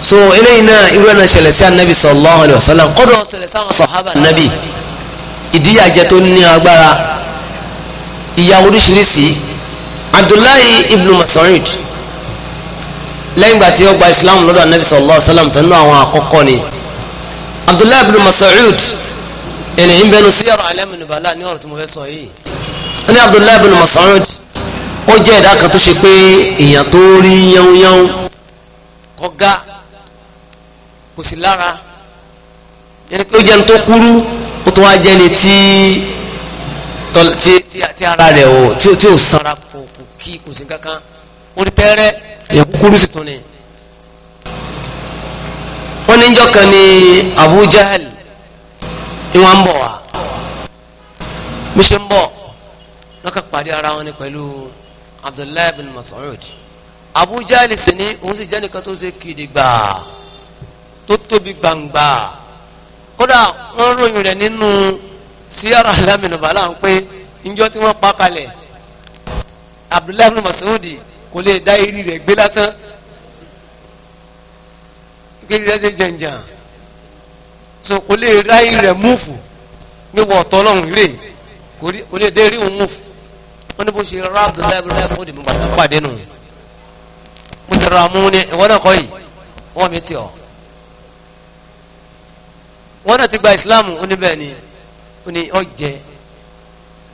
so eléyìí náà irú ẹ̀nà ṣẹlẹ̀ sí anabi sallallahu alayhi wa sallam kọ́dọ̀ ṣẹlẹ̀ sáwọn sọ̀hábà anabi ìdíyàjẹ tó ní agbára ìyá oríṣiríṣi abdullahi ibn mas'ud lẹ́yìn ìgbà tí ó gba islam lọ́dọ̀ anabi sallallahu alayhi wa sallam tó nínú àwọn àkọ́kọ́ ni abdullahi ibn mas'ud ẹni ń bẹnu sí ọ̀rọ̀ alẹ́ mìnìbàlá ní ọ̀rọ̀ tí mo fẹ́ sọ yìí ó ní Abdullahi bin Mas'ud ó jẹ́ ẹ̀dá kan tó ṣe pé èèyàn tó rí yánwúyánwú kọ́gá kò sí lára yẹni pé ó jẹ́ni tó kúrú ó tún wá jẹ́ni tí tí ara rẹ̀ ò tí ò tí ò sanra kò kí kò sí kankan ó rí tẹ́rẹ́ èèyàn kúrú sì tún ni wọ́n ní ìjọ kan ní Abu Jahal ìwọ̀n ń bọ̀ wá bó ṣe ń bọ̀ lọ́kà pàdé ara wọn ni pẹ̀lú Abdullahi bin Mas'ud Abu Jahl sì ni òun sì jẹ́ nìkan tó ṣe kìdì gbàá tó tóbi gbangba kódà wọ́n ròyìn rẹ̀ nínú siyara alaminubala ń pé njọ́ tí wọ́n pa kalẹ̀ Abdullahi bin Mas'ud kò lè dá eré rẹ̀ gbé lásán kí eré rẹ̀ ṣe jàǹjàǹ so kò lè ráyè rẹ̀ múfù ní wọ̀tọ́ lọ́hùn rè kò lè dé rí òun múfù wọ́n ní bó ṣe rárá abdullahi abdullahi sọ́kò dì mí gbàdúrà pàdé nù mo tẹ̀ra mú ni ìwọ náà kọ́ yìí wọ́n mi tì ọ́ wọ́n náà ti gba islam oníbẹ̀ ni oní ọ̀jẹ̀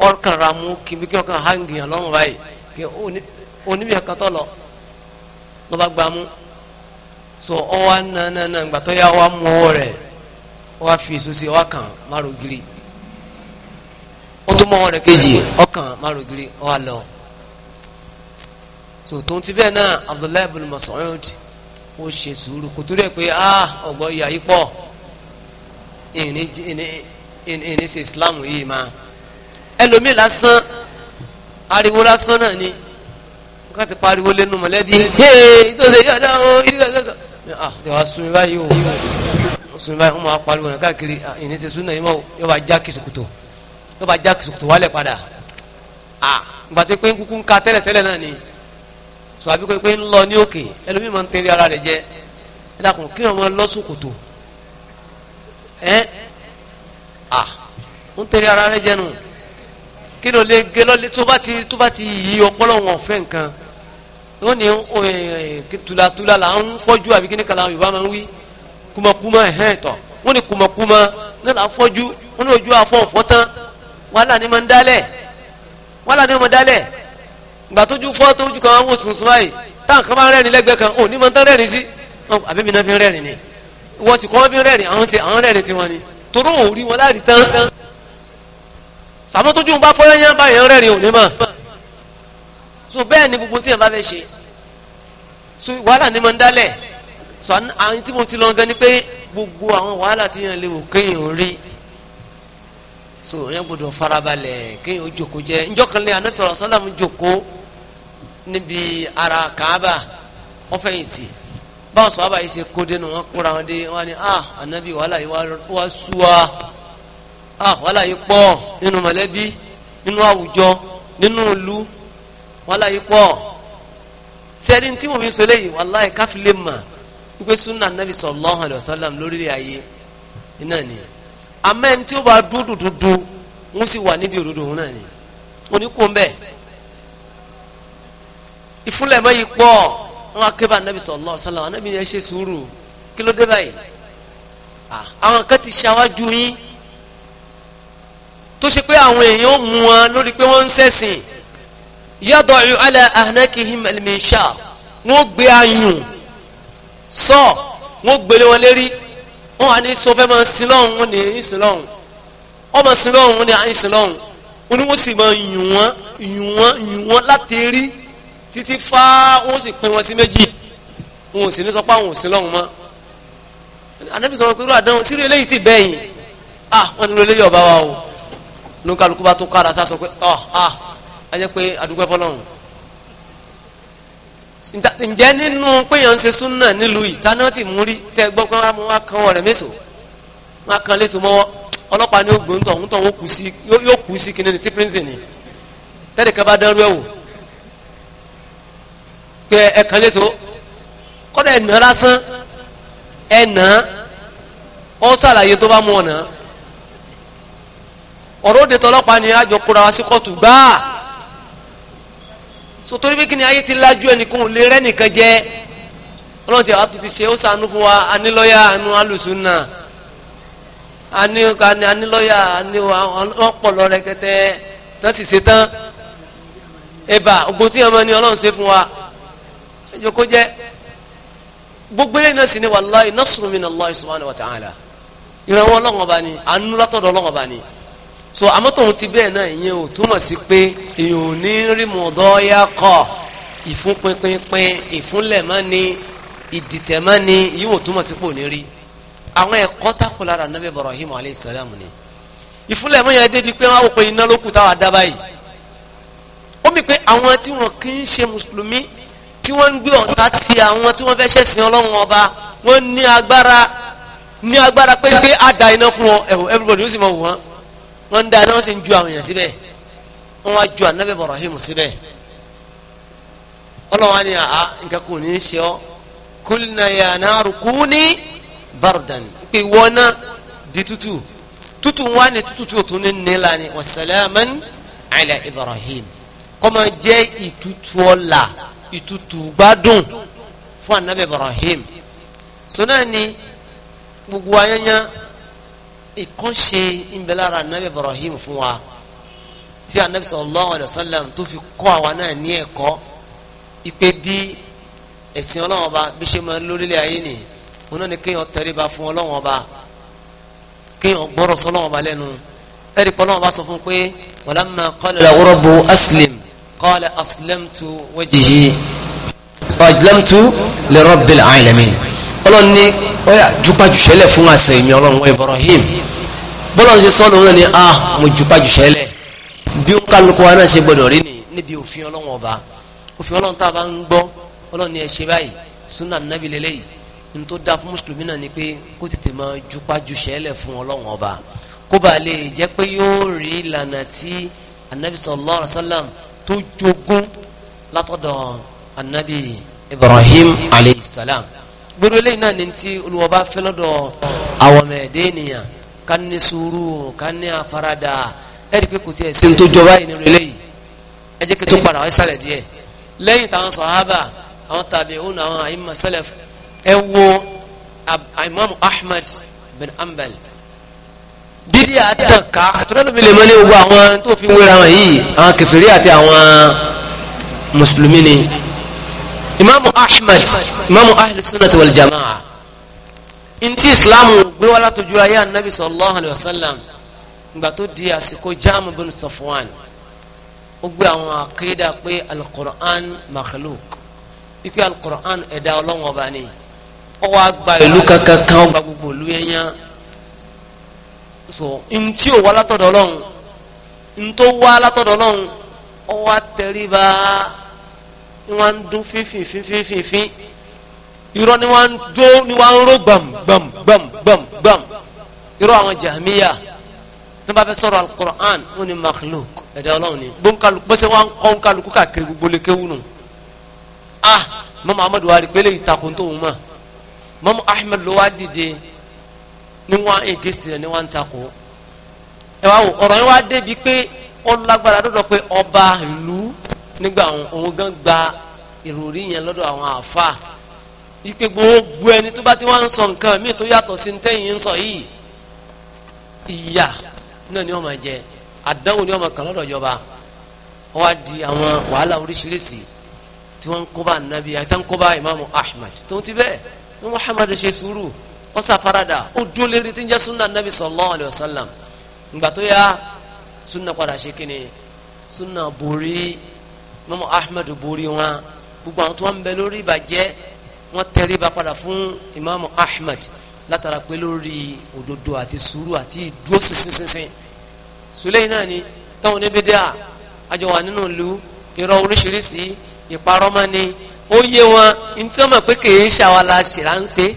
ọ̀kan ra mú kìbí kí ọ̀kan hangi hàn lọ́rùn báyìí kí oníbi ẹ̀ka tọ̀ lọ lọ́ba gbàmú so ọwọ́ nana gbàtọ́ yà wà mú ọwọ́ rẹ̀ wọ́n á fi èso sí ọkàn márùn gírí wọ́n tún mọ́ wọn rẹ̀ kejì ọkàn márùn gírí wọ́n so tóun ti bẹ́ẹ̀ náà Abdullahi ibn Mas'ud ó ṣe sùúrù kò tó rẹ̀ pé ah ọ̀gbọ́ ìyá yìí pọ̀ ìní ṣe Islam yìí máa ẹlòmíì lásán ariwo lásán náà ni wọ́n ti pariwo lẹ́nu mọ̀lẹ́bí hey tó ṣe yọ̀dá o ìdíkàkàkà ah ìwà sunmi báyìí o sunba yẹn wọn máa pariwo yẹn káàkiri ìní ṣe sunna yìí mọ yọba já kìsùkùtò yọba já kìsùkùtò wálẹ̀ padà a gbàtẹ́ pé kúkú ń ka tẹ́lẹ̀tẹ́lẹ̀ náà ni sọ àbí pé ń lọ ní òkè ẹlòmíì máa ń tẹ́lẹ̀ ara rẹ̀ jẹ ẹ dàkún kí wọn máa lọ sókòtò ẹ a ń tẹ́lẹ̀ ara rẹ̀ jẹ nù kí ló lè gé lọ́lé tó bá ti tó bá ti yí ọpọlọ wọn fẹ́ nǹkan wọn ni tulatula là ń fọ́jú àbí kíní kan Yorùbá máa ń wí kumakuma ẹ̀hẹ́n tọ̀ wọ́n ní kumakuma náà là fọ́jú wọ́n ní ojú afọ́ fọ́tán wàhálà ni máa ń dálẹ̀ wàhálà ni máa ń dálẹ̀ gbà tójú fọ́ tójú kan wọ́n sùn sùn báyìí táwọn kan bá ń rẹ́rìn lẹ́gbẹ́ kan ò ní máa ń tán rẹ́rìn sí àbẹ́mi náà fi ń rẹ́rìn ni wọ́n sì kọ́ fi ń rẹ́rìn àwọn ṣe àwọn rẹ́rìn tiwọn ni toró ò rí wọn láàrin tán tàmọ́ tójú bá fọ́yán yán báyìí rẹ́rìn ò ní mà so bẹ́ẹ̀ ni gbogbo tí yẹn bá fẹ́ so wàhálà ni máa ń dálẹ̀ sọ àwọn tí mo ti lọ gan ni pé gbogbo àwọn wàhálà tí yẹn lè wò kéèyàn rí so yẹn gbọ́dọ̀ farabalẹ̀ kéèyàn ó jòkó jẹ njọkànlẹ anabi sọlọ sọlá mu jòkó níbi ara kàába ọfẹyìntì báwọn sọ àbáyé ṣe kó dénú wọn kóra wọn dé wọn ni ah anabi wàhálà yìí wá sú wa ah wàhálà yìí pọ̀ nínú mọ̀lẹ́bí nínú àwùjọ nínú ìlú wàhálà yìí pọ̀ sẹ́ni tí mo fi sọ léyìí wàhálà yìí káfílẹ̀ mọ̀ wípé sunna nabi sallallahu alayhi wa sallam lórílẹ̀ ayé iná ni amẹ́ni tí ó bá dúdú dúdú wọ́n sì wà nídìí òdodo òun náà ni wọ́n ní kó ń bẹ̀ ìfúnlẹ̀ mọ́ yìí pọ̀ wọ́n á kébà nabi sallallahu alayhi wa sallam anabi ni ẹ ṣe sùúrù kí ló dé báyìí àwọn kan ti ṣáwájú yín tó ṣe pé àwọn èèyàn mú wọn lórí pé wọ́n ń ṣẹ̀sìn yad'u ala ahnakihim al-minsha wọ́n gbé ayùn sọ wọn gbélé wọn lérí wọn wà ní sọfẹ́ máa sin lọ́hùn wọn ní ìsìn lọ́hùn wọn máa sin lọ́hùn wọn ní ìsìn lọ́hùn wọn ni wọn sì máa yùn wọn yùn wọn yùn wọn láti rí títí fá wọn sì pín wọn sí méjì wọn ò sì ní sọ pé àwọn ò sin lọ́hùn mọ́ anabi sọ pé irú àdánwò sírú eléyìí ti bẹ́yìn ah wọn ni eléyìí ọba wa o nínú kálukú bá tó kára sá sọ pé ọ ah ajẹ́ pé adúgbò ẹ̀fọ́ lọ́hùn ǹjẹ́ nínú péyàn ń ṣe súnà nílùú yìí tá náà ti mú rí tẹ gbọ́ pé wọ́n á mú wá kan ọ̀rẹ́ mẹ́sàn wọ́n á kan léṣo mọ́wọ́ ọlọ́pàá ni ó gbóhùn tọ̀ ń tọ̀ wọ́n kù sí yóò kù sí kinní ní sí prison ni tẹ́lẹ̀ kẹ́ bá dánrú ẹ̀ wò pé ẹ kan léṣo kọ́dọ̀ ẹ̀ nà lásán ẹ̀ nà ọ́ sàlàyé tó bá mú ọ̀nà ọ̀rọ̀ òde tọ́lọ́pàá ni àjọ kóra wá sí kóòtù gbáà so torí pé kíni ayé ti lájú ẹnìkan ò lè rẹ́ nìkan jẹ́ ọlọ́run ti àtúntò ṣe ó sànú fún wa anílọ́yà anú alùsùnà anílọ́yà ọpọlọ rẹkẹtẹ tán sì ṣe tán ẹ̀bà ogun tí ọmọ ni ọlọ́run ṣe fún wa ẹjọ́ kó gbogbo eléyìí náà sì ni wallahi nasrun min Allah subhanahu wa ta'ala ìrànwọ́ ọlọ́run ọba ni àánú látọ̀dọ̀ ọlọ́run ọba so àmọ́tòun ti bẹ́ẹ̀ náà ìyẹn ò túmọ̀ sí pé èèyàn ò ní rí mọ̀dọ́yà kọ̀ ìfúnpinpinpin ìfúnlẹ̀mọ́ni ìdìtẹ̀mọ́ni yìí ò túmọ̀ sí pé ò ní rí àwọn ẹ̀kọ́ tako lára nabi Ibrahim alayhi salam ni ìfúnlẹ̀mọ́ yẹn débi pé wọ́n á wò pé iná ló kù táwa dá báyìí ó mi pé àwọn tí wọn kì í ṣe mùsùlùmí tí wọ́n ń gbé ọ̀tá ti àwọn tí wọ́n fẹ́ ṣẹ̀sìn ọlọ́run ọba wọ́n ní agbára ní agbára pé pé á iná fún ọ everybody ó sì mọ̀ wọ́n wọ́n dáná wọ́n sì ń ju àwọn èèyàn síbẹ̀ wọ́n wá ju anabi Ibrahim síbẹ̀ ọlọ́wọ́n ni nǹkan kò ní í ṣe ọ́ kulna ya naru kuni bardan pé wọ́n náà di tútù tútù wá ní tútù tó ní nílá ni wa salaman ala Ibrahim kọ́mọ jẹ́ ìtútù ọ̀la ìtútù gbádùn fún anabi Ibrahim sọ náà ni gbogbo ayẹyẹ ìkọ́ṣe ìbẹ̀lára anabi ibrahim fún wa tí anabi sallallahu alayhi wa sallam tó fi kọ́ àwa náà ní ẹ̀kọ́ ìpè bí ẹ̀sìn ọlọ́wọ́n ọba bí ṣe máa ń lórílẹ̀ ayé nìyí wọn náà ni kéèyàn tẹríba fún ọlọ́wọ́n ọba kéèyàn gbọ́rọ̀ sọlọ́wọ́n ọba lẹ́nu ẹ̀rí pọ́ ọlọ́wọ́n ọba sọ fún pé walamma qala lahu rabbu aslim qala aslamtu wajhi wa ajlamtu li rabbil alamin ọlọ́run ní ọyà jùpájùṣẹ́lẹ̀ fún àṣẹ ìmì ọlọ́run Ibrahim bọ́lọ́run ṣe sọ́nù náà ni a ah, mo jùpájùṣẹ́lẹ̀ bí ó kálukú wa náà ṣe gbọdọ̀ rí ni níbi òfin ọlọ́run ọba òfin ọlọ́run tá a bá ń gbọ́ ọlọ́run ni ẹ ṣe báyìí sunna nabi lélẹ́yìí ní tó dáa fún mùsùlùmí náà ni pé kó tètè máa jùpájùṣẹ́lẹ̀ fún ọlọ́run ọba kó ba lè jẹ́ pé yóò rí anabi sallallahu alaihi wasallam tó jogún anabi Ibrahim alayhi salam gbogbo eléyìí náà ni ti Olúwa bá fẹ́ lọ́dọ̀ àwọn ọmọ ẹ̀dẹ́ ènìyàn ká ní sùúrù ká ní àfaradà ẹ̀rí pé kò tiẹ̀ sí ní tó jọba yìí nínú eléyìí ẹ jẹ́ kí tó padà wáyé sálẹ̀ díẹ̀ lẹ́yìn táwọn sàhábà àwọn tàbíùn àwọn àyínmá sálẹ̀f ẹ wo imam ahmed bin ambal bíbí àtàkà àtúrọ́lùmí lè mọ ní gbogbo àwọn tó fi wéra wọn yìí àwọn kèfèrí àti àwọn mùsùlùmí ni imaamu ahmed imaamu ahlu sunnati wal jamaa nti islamu gbé wa látọjú ayé anabi sallallahu alayhi wa sallam ìgbà tó di àsìkò jaamu bin safwan ó gbé àwọn akéda pé alukur'an makhluk ikú alukur'an ẹ̀dá ọlọ́wọ́n bá ní ó wá gba ìlú kankan kan ó gba gbogbo ìlú yẹn so ntí ó wá látọ̀dọ̀ ọlọ́run ntó wá látọ̀dọ̀ ọlọ́run ó wá tẹríba ni wọ́n ń dún fífín fífín fífín irọ́ ni wọ́n ń dó ni wọ́n ń ró gbàm gbàm gbàm gbàm gbàm irọ́ àwọn jahmiya tí wọ́n bá fẹ́ sọ̀rọ̀ alukur'an wọ́n ni makhluk ẹ̀dá ọlọ́run ni gbóǹkalu pèsè wọn kọ́ ǹkaluku káàkiri gbogbo lékewù nù ah mọ́mọ́ amadu wa rí pélé ìtakùn tó wù mọ́ mọ́mọ́ ahmed ló wá dìde ni wọ́n ègèsì rẹ̀ ni wọ́n ń takò ẹ̀ wá wò ọ̀rọ̀ yẹn wá débi pé ó lágbára dọ́dọ̀ pé ọba ìlú nígbà òun gan gba ìròrí yẹn lọ́dọ̀ àwọn àfa ipe gbogbo ẹni tó bá ti wá ń sọ nǹkan míì tó yàtọ̀ sí ntẹ́yìn ń sọ yìí ìyà náà ni wọ́n máa jẹ àdánwò ni wọ́n máa kàn lọ́dọ̀ ìjọba wọ́n wá di àwọn wàhálà oríṣiríṣi tí wọ́n ń kó bá nàbí àti ń kó bá imaamu ahmed tó ń ti bẹ́ẹ̀ ní muhammadu ṣe sùúrù ó ṣàfaradà ó dún lérí tí ń jẹ́ sunna nabi sallallahu alayhi wa sallam ìgbà tó yá sunna padà ṣe kíni sunna borí mọ́mọ́ ahmed borí wọn gbogbo àwọn tó wọn bẹ lórí ìbàjẹ́ wọn tẹríba padà fún imaamu ahmed látara pé lórí òdodo àti sùúrù àti ìdúró sísinsinsin sùlẹ́yìn náà ni táwọn oníbẹ̀dẹ́ à àjọ wà nínú ìlú irọ́ oríṣiríṣi ìparọ́ máa ní ó yé wọn ní tí wọ́n mọ̀ pé kèé ṣàwọn la ṣe là ń ṣe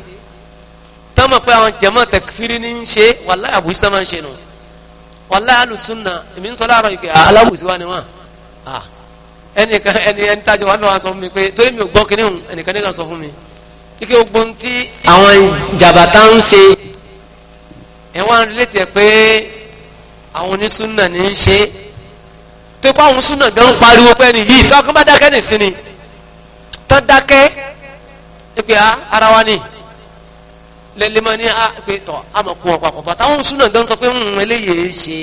tí wọ́n mọ̀ pé àwọn jẹ̀mọ́ tẹ̀kífìrí ní ń ṣe wàláyà àbúṣe máa ń ṣe nù wàláyà alùsùn náà èmi ń sọ láàárọ̀ ìpè ah, aláwùsí ni wọ́n ah, ẹnìkan ẹni ẹni tájọ wà lọ́wọ́ sọ fún mi pé torí mi ò gbọ́ kinní hùn ẹnìkan nìkan sọ fún mi ike ogbon ti. àwọn jàbàtà ń ṣe. ẹ wá ń létí ẹ pé àwọn onísúnà ní í ṣe tó kọ́ àwọn súnà gan pariwo pé ẹni yìí tó akọ́ bá dákẹ́ nìsín ni tó dákẹ́ ẹ pé ah, ara wa ni lẹ́lẹ́mọ́ ní ah, a pé tọ́ àmọ̀ kún ọ̀pọ̀ àpapọ̀ táwọn súnà gan sọ pé ń hmm, eléyìí e ṣe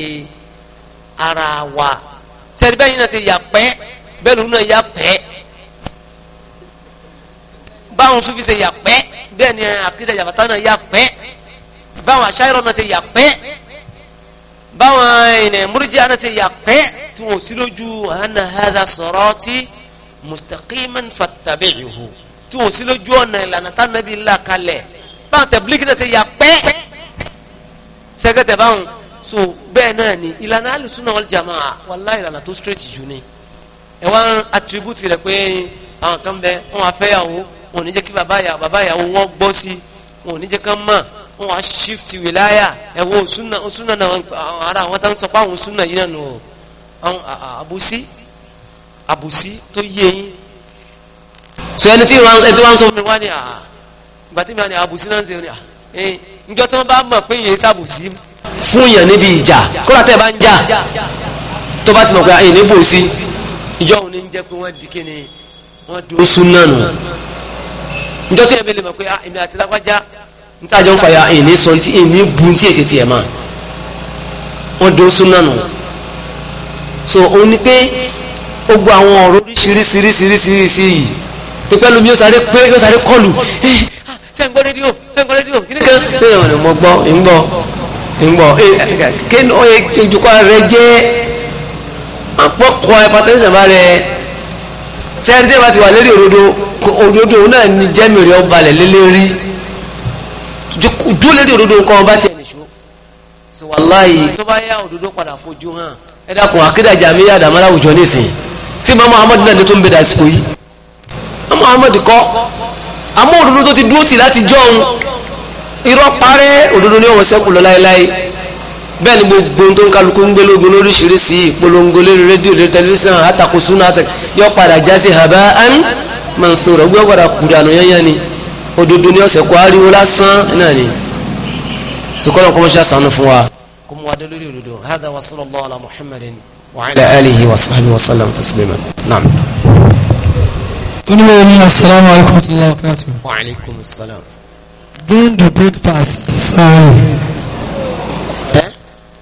ara wa sẹ́ni bẹ́ẹ̀ yìí náà ti yà pẹ́ bẹ́ẹ̀ lòun náà yà pẹ́ báwọn sufi ṣe yà pẹ́ bẹ́ẹ̀ ni akida jabata náà yà pẹ́ báwọn aṣáyọrọ náà ṣe yà pẹ́ báwọn ẹnẹ múrìjì náà ṣe yà pẹ́ tí wọn sì lójú ana hadha sirati mustaqiman fattabi'uhu tí wọn sì lójú ọ̀nà ìlànà tá nàbí kalẹ̀ báwọn tẹ̀blíkì náà ṣe yà pẹ́ sẹ́kẹ̀tẹ̀ báwọn so bẹ́ẹ̀ náà ni ìlànà alùsùn náà wal jamaa wallahi ìlànà tó straight jù ni ẹ wá ń attribute rẹ̀ pé àwọn kan bẹ wọn afẹ́yàwó wọn ò ní jẹ́ kí bàbá yà bàbá yàwó wọn gbọ́ sí wọn ò ní jẹ́ kán mọ̀ wọn á shift wìláyà ẹ wo sunna sunna náà ara àwọn táwọn sọ pé àwọn sunna yìí nànú o àwọn àbùsí àbùsí tó yé yín so ẹni tí wọn ẹni tí wọn sọ fún mi wá ní à bàtí mi wá ní àbùsí náà ń ṣe ní à ẹ njọ tí wọn bá mọ̀ pé yẹn sàbùsí fún yàn níbi ìjà kóra tẹ bá ń jà tó bá ti mọ̀ pé ẹ̀yìn ní bòsí ìjọ òun ni ń jẹ́ pé wọ́n di ni wọ́n di oṣù náà nù njọ́ tí ẹ bẹ́ẹ̀ lè mọ̀ pé ah èmi àti lágbájá ń tàjọ́ ń fàyà ìní sọ ti ìní bu ti èsì tiẹ̀ mọ́ wọ́n di oṣù náà nù so òun ni pé ó gbọ́ àwọn ọ̀rọ̀ oríṣiríṣiríṣiríṣi yìí tó pẹ́ lómi yóò sáré pé yóò sáré kọlù ẹ eh, ah, ṣe ń gbọ́ rédíò ṣe ń gbọ́ rédíò kí ni kan ṣe ni mo gbọ́ ń gbọ́ ń gbọ́ kí ni ó yẹ ojú kọ́ rẹ jẹ́ àpọ̀kọ hypertension bá rẹ sẹ́yìn tí ẹ bá ti wà lérí òdodo òdodo náà ni jẹ́mìrì ọba lẹ̀ lélẹ́rí dúró lérí òdodo nǹkan ọba tiẹ̀ nìṣó sọ wàláyé tó bá yá òdodo padà fojú hàn ẹ dákun akédàjà mi yá àdàmọ́lá àwùjọ nísìnyí tí mama ahmed náà ní tó ń bẹ dàsìkò yìí mama ahmed kọ́ àmọ́ òdodo tó ti dúró tì láti jọ́ òun irọ́ parẹ́ òdodo ni wọ́n sẹ́kù lọ láéláé bẹ́ẹ̀ ni gbogbo tó ń kálukú ń gbélógun lóríṣiríṣi ìpolongo lórí rédíò lórí tẹlifíṣàn àtàkùsùn àtàk yọ padà já sí haba an mansura gbé padà kúrò àná yányán ni òdodo ni ọ̀sẹ̀ kó ariwo lásán náà ni sukọ́nà kọ́mọ́ṣẹ́ sànù fún wa. kó mu adé lórí òdodo hada wa sallallahu ala muhammadin wa ala alihi wa sahbihi wa sallam taslima naam. onímọ̀ ní asalaamu alaykum wa rahmatulahi wa barakatuh. wa alaykum salaam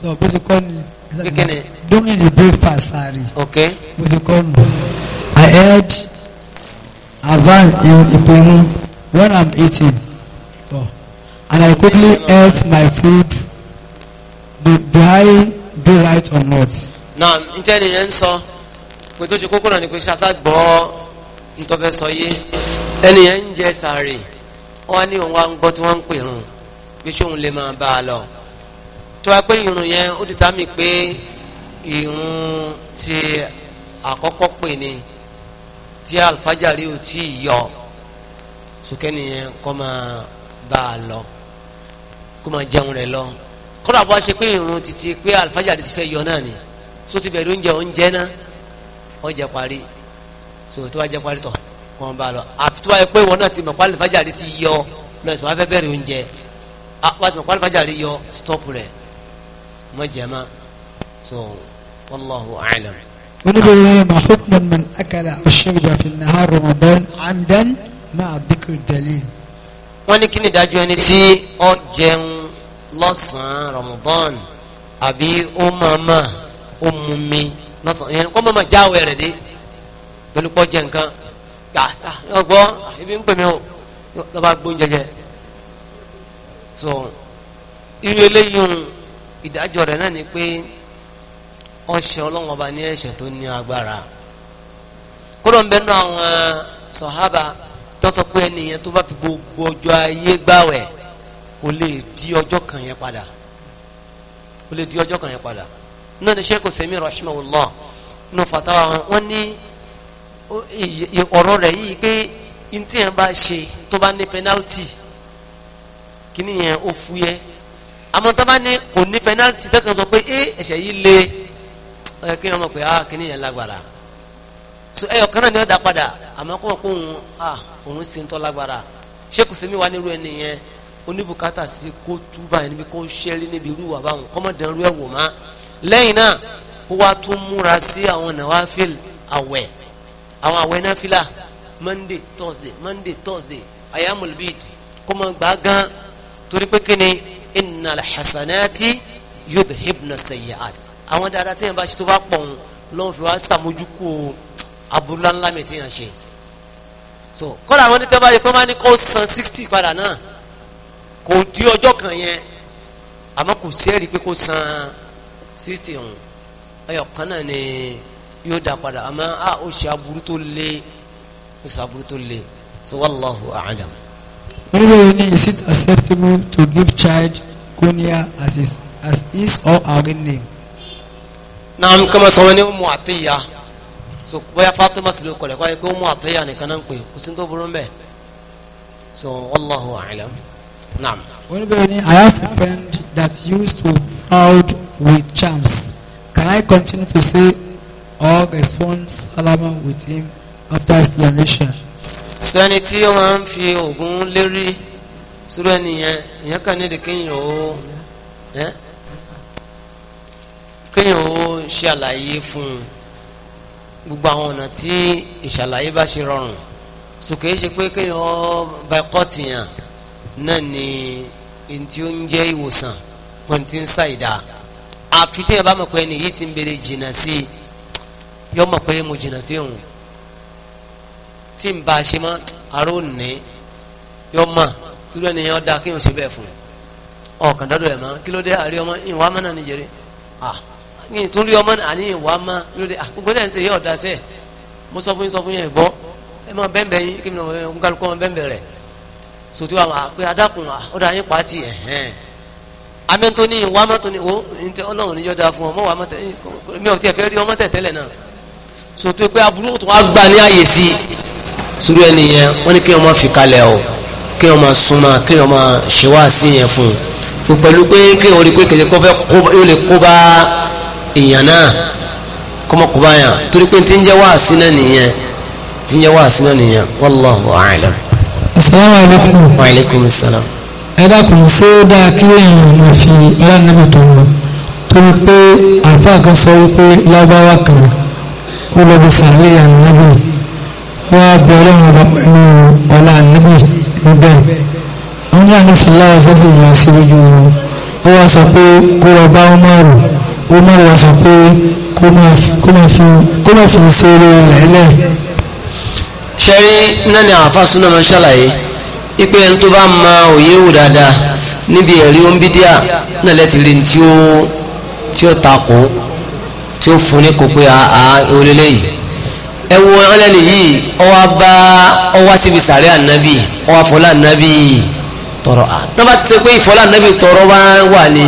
so bó ṣe kọ́ ni. kíkẹ́ni. during the breakfast sáré. ok bó ṣe kọ́ ni. I heard advance ìpinnu when I'm eating oh. and I quickly ate my food do, do I do right or not. na n tẹ́ ni yẹn ń sọ pé tó ṣe kókó náà ni pé ṣáṣá gbọ́ ntọ́fẹ́ sọ yé ẹni yẹn ń jẹ sáré wọ́n ní òun wá ń gbọ́ tí wọ́n ń pè rún pé ṣé òun lè máa bá a lọ tó wá pé irun yẹn ó di tá mi pé irun ti àkọ́kọ́ pè ní tí alfajari ò tí ì yọ sókè nìyẹn kọ́ máa bá a lọ kó máa jẹun rẹ̀ lọ kọ́ra bó a ṣe pé irun títí pé alfajari ti fẹ́ yọ náà ni so ti bẹ̀rẹ̀ oúnjẹ oúnjẹ náà ọjà parí so tó wá jẹ parí tọ̀ kọ́ ń bá a lọ àfi tó wá yẹ pé ìwọ náà ti mọ̀ pálí fajari ti yọ lọ ìsọ̀rọ̀ afẹ́ bẹ̀rẹ̀ oúnjẹ àpá ah, ti mọ̀ pálí fajari yọ stop rẹ̀ mọ́jẹ̀má so wallahu a'lam. oníbẹ̀rẹ̀ ma hukman man akala aw shariba fi nahar ramadan amdan ma'a dhikri dalil. wọ́n ní kí ni ìdájọ́ ẹni tí ó jẹun lọ́sàn-án ramadan àbí ó máa máa ó mú mi lọ́sàn-án yẹn kó máa máa jáwé rẹ̀ dé pẹ̀lú pọ́ jẹ nǹkan ọgbọ́ ibi ń pè mí o lọ́ba gbóúnjẹ jẹ so irú eléyìí ìdájọ́ rẹ̀ náà ni pé ọ̀ṣẹ̀ ọlọ́wọ́n ọba ní ẹ̀ṣẹ̀ tó ní agbára kódà ń bẹ nú àwọn eh, sọ̀hábà tó sọ pé ẹnìyẹn tó bá fi gbogbo ọjọ́ ayé gbàwẹ̀ kò lè di ọjọ́ kan yẹn padà kò lè di ọjọ́ kan yẹn padà náà ni sheikh semi rahimahullah nù fatawa wọn ní ọ̀rọ̀ rẹ̀ yìí pé ntí bá ṣe tó bá ní penalty kí ni yẹn ó fúyẹ́ àmọ́ tó bá ní kò ní pẹnálítì tó kàn sọ pé eh, ẹ yìí le ẹ kí wọn mọ̀ pé ah kíní yẹn lágbára so ẹyọ kan náà ni ó dá padà àmọ́ kó wọn kó òun ah òun sì ń tọ́ lágbára ṣé kò sí mi wá nírú ẹni yẹn oníbùkátà sí kó túbà yẹn níbi kó ṣẹ́rí níbi irú wà báwọn kọ́mọ̀dánrú ẹ̀ wò má lẹ́yìn náà kó wá tún múra sí àwọn nàwáfíl àwẹ̀ àwọn àwẹ̀ náfìlà monday thursday monday thursday ayamulbid kó mọ̀ gbàgán torí pé kí innal hasanati yudhibna sayyi'at àwọn dáadáa téèyàn bá ṣe tó bá pọ̀ ń lọ́wọ́ fi wá sàmójúkú abúlá ńlá mi ṣe so kọ́lá àwọn onítẹ̀ bá yẹ kó máa ní kó san sixty padà náà kò di ọjọ́ kan yẹn àmọ́ kò sẹ́ẹ̀rí pé kó san sixty ọ̀hún ẹyọ kan náà ni yóò dá padà àmọ́ a ó ṣe aburú tó le ó ṣe aburú tó le so wallahu a'lam. Only is it acceptable to give child kunya as his, as his or her real name? Naam kama sọ ni Umu Atiya. So bóyá Fatima sì ló kọlẹ̀ kọ́ ẹ pé Umu Atiya nìkan náà ń pè kò sí tó burú mbẹ́. So Allahu alam. Naam. Wọ́n bẹ̀rẹ̀ ni I have a friend that used to proud with charms. Can I continue to say or respond salama with him after explanation? sẹ́ni tí ó máa ń fi oògùn lérí sórí ẹnìyẹn ìyẹn kàn nídìí kéèyàn ó kéèyàn ó ṣàlàyé fún gbogbo àwọn ọ̀nà tí ìṣàlàyé bá ṣe rọrùn sòkè ṣe pé kéèyàn ó bá ẹ̀kọ́ tìyàn náà ni ẹni tí ó ń jẹ́ ìwòsàn tí n bá a ṣe mọ́ aró ní yọ mọ́ irú ẹni yẹn ọ̀dà kí n ò ṣe bẹ́ẹ̀ fún ọ kàn dọ́dọ̀ ẹ̀ mọ́ kí ló dé àrí ọmọ ìwà mọ́ náà nìjẹ́rì ah ní ìtúrí ọmọ náà àní ìwà mọ́ kí ló dé ah gbogbo ẹ̀ ń ṣe yẹ ọ̀dà sẹ́ẹ̀ mo sọ fún yín sọ fún yín ẹ̀ gbọ́ ẹ máa bẹ́ẹ̀bẹ́ yín kí n kálukọ́ máa bẹ́ẹ̀bẹ́ rẹ̀ sòtú àwọn àpé adákùn ọ̀dà yín pàtì ẹ̀hẹ́n amẹ́ntó ní ìwà mọ́tò ní o ntẹ ọlọ́run níjọ́ da fún ọmọ wa mọ́tò mi ò tiẹ̀ fẹ́ rí ọmọ tẹ̀tẹ́lẹ̀ náà sòtú pé aburú tó wá gbà ní àyè sí i sùúrù ẹni yẹn wọ́n ní kéèyàn máa fi kalẹ̀ o kéèyàn máa súnmọ́ kéèyàn máa ṣe wá sí yẹn fún un pẹ̀lú pé kéèyàn rí pé kèdè kó fẹ́ yóò lè kó bá èèyàn náà kọ́mọ́ kó bá yàn torí pé ti ń jẹ́ wá sí náà nìyẹn ti ń jẹ́ wá sí náà nìyẹn wallahu a'lam. asalaamualeykum. wa aleykum salaam. ẹ dákun ṣé ó dáa kí èèyàn máa fi ọlọ́nàbì tó ń lọ torí pé àlùfáà kan sọ wípé lágbáwá kan ó lọ bí sàárè ànábì wọ́n á bẹ ọlọ́run ọba pẹ̀lú ọlá níbi níbẹ̀ wọ́n ní àníṣàlá ọ̀sẹ̀sẹ̀ yẹn sí ojú wọn ó wá sọ pé kó lọ bá Umaru Umaru wá sọ pé kó máa fi ìṣeré rẹ̀ lẹ̀. ṣẹ́rí náà ni àwọn afásúná máa ń ṣàlàyé ipe ẹni tó bá ma òye wò dáadáa níbi ẹ̀rí ombidia náà lẹ́tì rí tí ó tí ó takò tí ó fún ní kò pé àá olélẹ́yìí. ẹwọ ọlẹ́ni yìí ọwọ́ bá ọwọ́ síbi sàárẹ̀ ànábì ọwọ́ ànábì tọrọ àtàbà ti pé ìfọlá ànábì tọrọ wá wà ní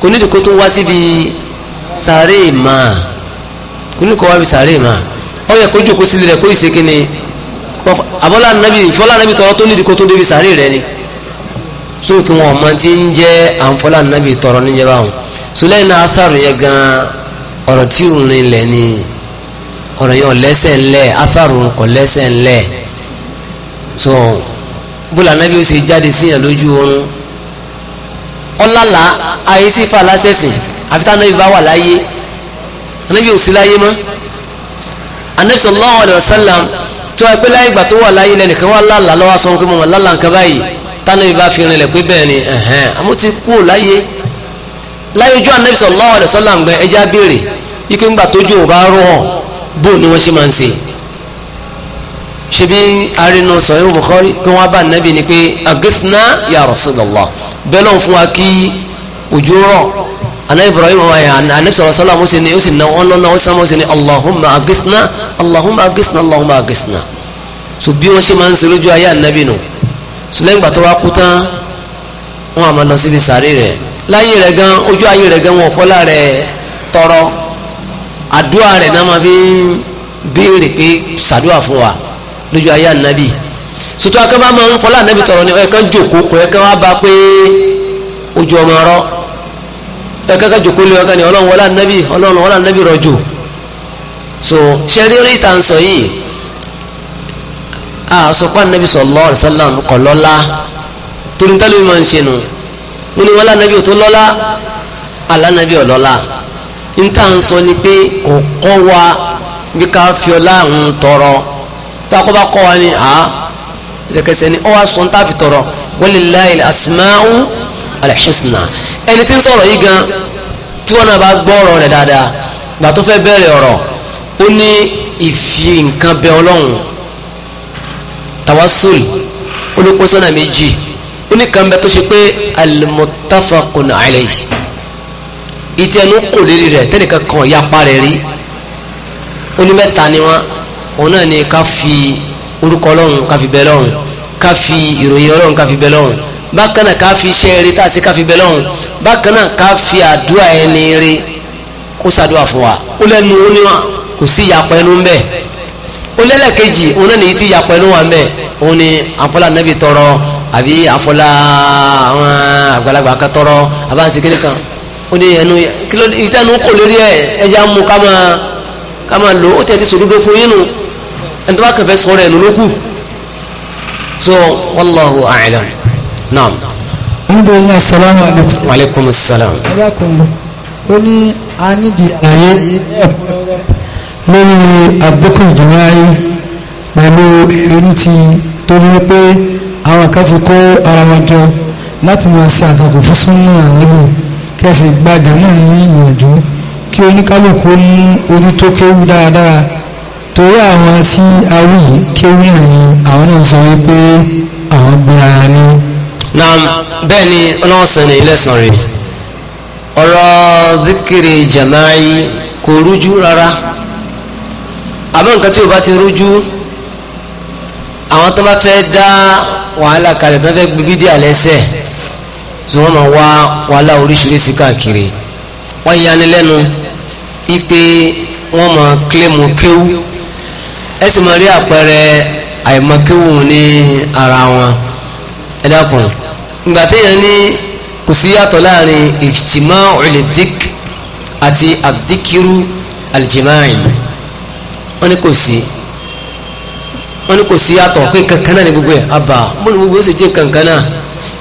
kò ní ìdíkó tó wá síbi sàárẹ̀ mà kò ní kó wá ọ yẹ kó jókòó sílẹ̀ ànábì ìfọlá ànábì tọrọ tó ní tó rẹ ni so kí wọn ọmọ ti ń jẹ tọrọ níjẹba wọn gan ọ̀rọ̀ tí òun ọ̀rọ̀ yẹn ò lẹ́sẹ̀ ńlẹ̀ afárò kò lẹ́sẹ̀ ńlẹ̀ so bóla anabi ó sì jáde síyàn lójú oorun ọlọ́la ayé sí fa lásẹ̀sìn àfi tá anabi bá wà láyé anabi ò sí láyé mọ́ anabi sallallahu alaihi wasallam tó ẹgbẹ́ láyé ìgbà tó wà láyé lẹ́nìkan wà lálàá lọ́wọ́ sọ pé mo mọ̀ lálàá nǹkan báyìí tánàbí bá fi rinlẹ̀ pé bẹ́ẹ̀ ni ẹ̀hẹ́n àmọ́ ti kú láyé láyé ojú anabi sallallahu alaihi wasallam gbẹ ẹja béèrè ike ńgbà tójú ò bá rọ̀ bó ni wọ́n ṣe máa ń ṣe ṣebí arinu sọ̀rọ̀ Bukhari kí wọ́n bá nàbí ni pé agisna ya Rasulullah bẹ́ẹ̀ lọ́n fún wa kí òjò rọ̀ anabi Ibrahim wa ya anabi sọ̀rọ̀ sọ́lá mo sì ní ó sì ná wọn lọ́nà ó sàmọ́ sì Allahumma agisna Allahumma agisna Allahumma agisna so bí wọ́n ṣe máa ń ṣe lójú ayé anabi nù so lẹ́yìn gbà kú tán wọ́n á lọ síbi sàárè rẹ̀ láyé rẹ̀ gan ojú ayé rẹ̀ gan wọn fọ́lá rẹ̀ tọrọ Adua rẹ̀ náà máa fi ń béèrè pé ṣàdúrà fún wa lójú ayé ànábì sotó akẹ́bá máa ń fọlá ànábì tọrọ ni ọ̀yẹ́ká jòkó kọ̀ ọ̀yẹ́ká wá bá pé ojú ọmọ rọ ọ̀yẹ́ká ká jòkó lé ọ̀ká ni ọlọ́run wọlé ànábì ọlọ́run wọlé ànábì rọ̀jò so ṣẹ́rí orí ìta ń sọ yìí a sọ pé ànábì sallallahu alaihi wasallam kọ̀ lọ́lá torí ń tẹ́lẹ̀ mi máa ń ṣe nu ó ní wọlé ànábì ò tó lọ́lá àlá ànábì ò lọ́lá níta ń sọ ni pé kò kọ́ wa bí ká fi ọlá ń tọrọ takọba kọ́ wa ni a ẹsẹ̀kẹsẹ̀ ni ọ wa sọ ń tàfi tọrọ walillahi al-asma'u al-husna ẹni tí ń sọ̀rọ̀ yìí gan tí wọ́n náà bá gbọ́ ọ̀rọ̀ rẹ̀ dáadáa gbà tó fẹ́ bẹ̀rẹ̀ ọ̀rọ̀ ó ní ìfi nǹkan bẹ ọlọ́run tawassul olùkọ́sọ́nà méjì ó ní kan bẹ tó ṣe pé al-muttafaqun alayhi ìtì ẹnu kò lérí rẹ̀ tẹ́nìkan kan ìyapa rẹ̀ rí ó ni wọ́n òun náà ni ká fi orúkọ ọlọ́run ká fi bẹ lọ́run ká fi ìròyìn ọlọ́run ká fi bẹ lọ́run bákan náà ká fi iṣẹ́ eré tá a ṣe ká fi bẹ lọ́run bákan náà ká fi àdúrà ẹni rí kó ṣàdúrà fún wa ó lẹ́nu ó kò sí ìyapa ẹnu ń bẹ ó lẹ́lẹ́kejì òun náà nìyí tí ìyapa ẹnu wà ń bẹ òun ni àfọlá nàbì tọrọ àbí àfọlá àwọn àgbàlagbà kan tọrọ àbáǹsì kan òde yẹn nu kilo ìtẹnu kò lórí ẹ ẹja mú ká máa ká máa lò ó tẹ̀tí sòdodo fún yín nu ẹni tó bá kẹfẹ́ sọ̀rọ̀ ẹ̀ so wallahu a'lam naam. alhamdulilayi asalaamu alaykum. maaleykum salaam. ẹ̀dá kan ó ní a ní di àlàyé ẹ̀kúnrẹ́rẹ́ lórí àgbékùn jìnnìyàrí pẹ̀lú èrí ti tó ní wípé àwọn kan ti kó ara wọn jọ láti máa ṣe àtàkùn fún súnmọ́ àlébù kẹsì gbajà náà ní ìyànjú kí oníkálukú mú orí tó kéwú dáadáa torí àwọn tí awí yìí kéwú náà ni àwọn náà sọ wípé àwọn gbé ara ní. na bẹ́ẹ̀ ni ọlọ́sàn ní ilẹ̀sàn rẹ̀ ọ̀rọ̀ zikiri jama'i kò rújú rárá àmọ́ nǹkan tí o bá ti rújú àwọn tó bá fẹ́ dá wàhálà kalẹ̀ tó fẹ́ gbé bídíà lẹ́sẹ̀ tí wọ́n máa wá wàhálà oríṣiríṣi káàkiri wọ́n yani lẹ́nu ipe wọ́n máa kílẹ̀mù kéwú ẹ sì máa rí àpẹẹrẹ àìmọ̀ kéwú ní ara wọn ẹ dákun ìgbà téèyàn ní kò sí yàtọ̀ láàrin ìjìmá ọ̀lẹ́dík àti àdíkírú àlìjìmáì wọ́n ní kò sí wọ́n ní kò sí yàtọ̀ pé kankan náà ní gbogbo ẹ̀ àbá bó ni gbogbo ó sì jẹ́ kankan náà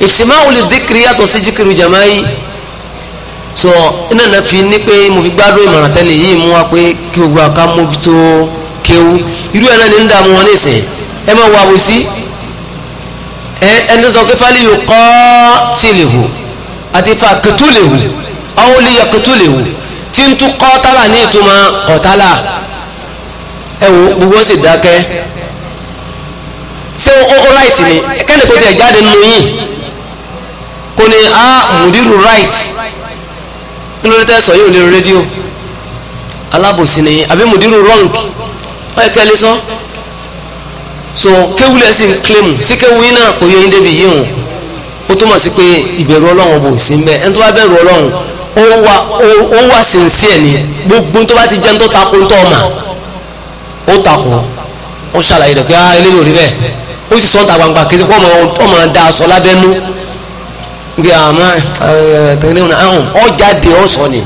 ìṣìmáwò lè díkiri yàtọ̀ sí jíkiri jàmáyì so iná náà fi ní pé mo fi gbádùn ìmọ̀ràn tẹ́lẹ̀ yìí mú wa pé kí gbogbo àká mójútó kéwú irú ẹ̀ náà ní ń dààmú wọn nísìnyí ẹ máa wà wò sí ẹni sọ pé fálí yóò kọ́ tí lè hù àti fa kẹtù lè hù àwọn olè yọ kẹtù lè hù tí ń tún kọ́ tálà ní ìtumọ̀ kọ̀tálà ẹ wò gbogbo sì dákẹ́ ṣé ó ráìtì ni kẹ́ni kò tiẹ̀ jáde nínú yìí kó ní a ah, mùdírù right kí ló dé tẹ́sọ̀ yóò lè rédíò alábòsí ni àbí mùdírù wrong wọ́n yẹ kẹ́ lé sọ́ so kéwù lẹ́sìn claim sí kéwù yín náà kò yẹ yín débi yín o ó túmọ̀ sí pé ìbẹ̀rù ọlọ́run bò sí mbẹ́ ẹni tó bá bẹ̀rù ọlọ́run ó wà sincere ni gbogbo tó bá ti jẹ́ ń tó takò ń tọ́ ó takò ó ṣàlàyé rẹ̀ pé ah eléyìí ò rí bẹ́ẹ̀ ó sì sọ́ta gbangba kí ọmọ ọmọ da aṣọ lábẹ́nú bí àmọ́ tẹ̀lé wọn àwọn ọ̀jáde ọ̀sọ̀ ni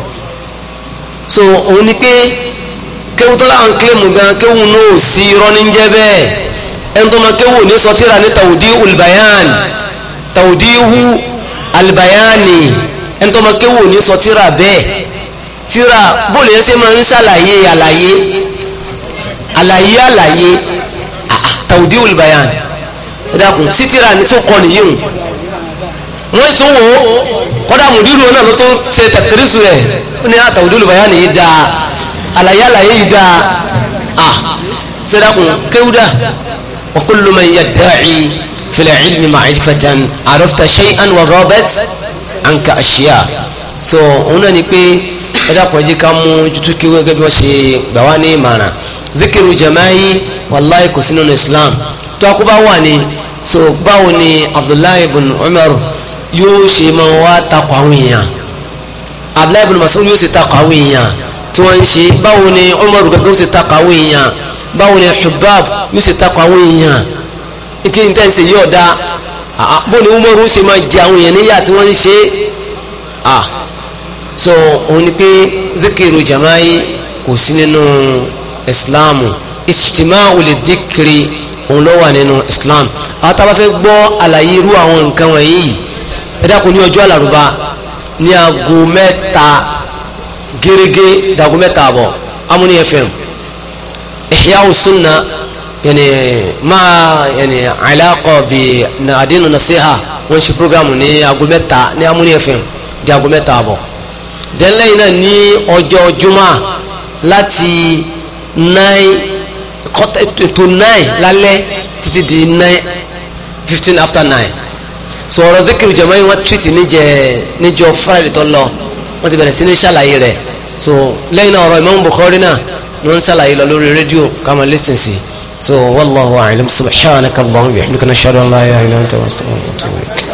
so òun ni pé kéwù tó láwọn kílèmù gan kéwù náà ò sí irọ́ ní jẹ́ bẹ́ẹ̀ ẹni tó máa kéwù ní sọtíra ní tàwùdí ulbayan tàwùdí hu albayani ẹni tó máa kéwù ní sọtíra bẹ́ẹ̀ tíra bóòlù yẹn ṣe máa ń ṣàlàyé àlàyé àlàyé àlàyé tàwùdí ulbayan ẹ dákun sítira ní sọkọ nìyí o wọ́n tún wò ó kọ́dà mùdírù náà ló tún ṣe tẹ̀kírísù rẹ̀ ó ní àtàwùdúlù bàyá nìyí dáa àlàyé àlàyé yìí dáa à sẹ́dàkùn kéwúdà wa kullu man yadda'i fil ilmi ma'rifatan arafta shay'an wa ghabat anka ashiya so òun náà ni pé ẹ̀dàkùn ẹ̀jẹ̀ ká mú tuntun kí wọ́n gẹ́gẹ́ bí wọ́n ṣe gbà wá ní ìmọ̀ràn zikiru jama'i wàláyé kò sínú islam tó akóbá wà ní so báwo ni abdullahi ibn umar yóò ṣe máa wá takọ̀ àwọn èèyàn abdullahi ibn mas'ud yóò ṣe takọ̀ àwọn èèyàn tí wọ́n ń ṣe báwo ni umar gbẹ̀gbẹ̀ yóò ṣe takọ̀ àwọn èèyàn báwo ni hubab yóò ṣe takọ̀ àwọn èèyàn ike n tẹ́sí yóò da bó ni umar yóò ṣe máa jẹ àwọn èèyàn níyà tí wọ́n ń ṣe ah so òun ni pé zikiru jama'i kò sí nínú islamu ijtima'u lidhikri òun ló wà nínú islam àtàwọn afẹ́ gbọ́ àlàyé irú àwọn nǹkan wọ̀nyí yìí ẹ̀dàkù ní ọjọ́ àlàrúbá ní aago mẹ́ta gẹ́gẹ́ dàgó mẹ́ta àbọ̀ amúní fm ihya sunna yẹni máa yẹni aláàkọ bí àdínú nasiha wọ́n ṣe programu ní aago mẹ́ta ní amúní fm di aago mẹ́ta àbọ̀ dẹ́lẹ́yìn náà ní ọjọ́ juma láti nine to nine lálẹ́ títí di nine fifteen after nine so ọ̀rọ̀ zikiru jẹ̀mọ́ yìí wọ́n tìrìtì níjẹ níjọ friday tó lọ wọ́n ti bẹ̀rẹ̀ sí ní ṣàlàyé rẹ̀ so lẹ́yìn náà ọ̀rọ̀ Imam Bukhari náà ni wọ́n ń ṣàlàyé lọ lórí rédíò kàmá listen sí so wallahu a'lam subhanaka allahumma wa bihamdika nashhadu an wa atubu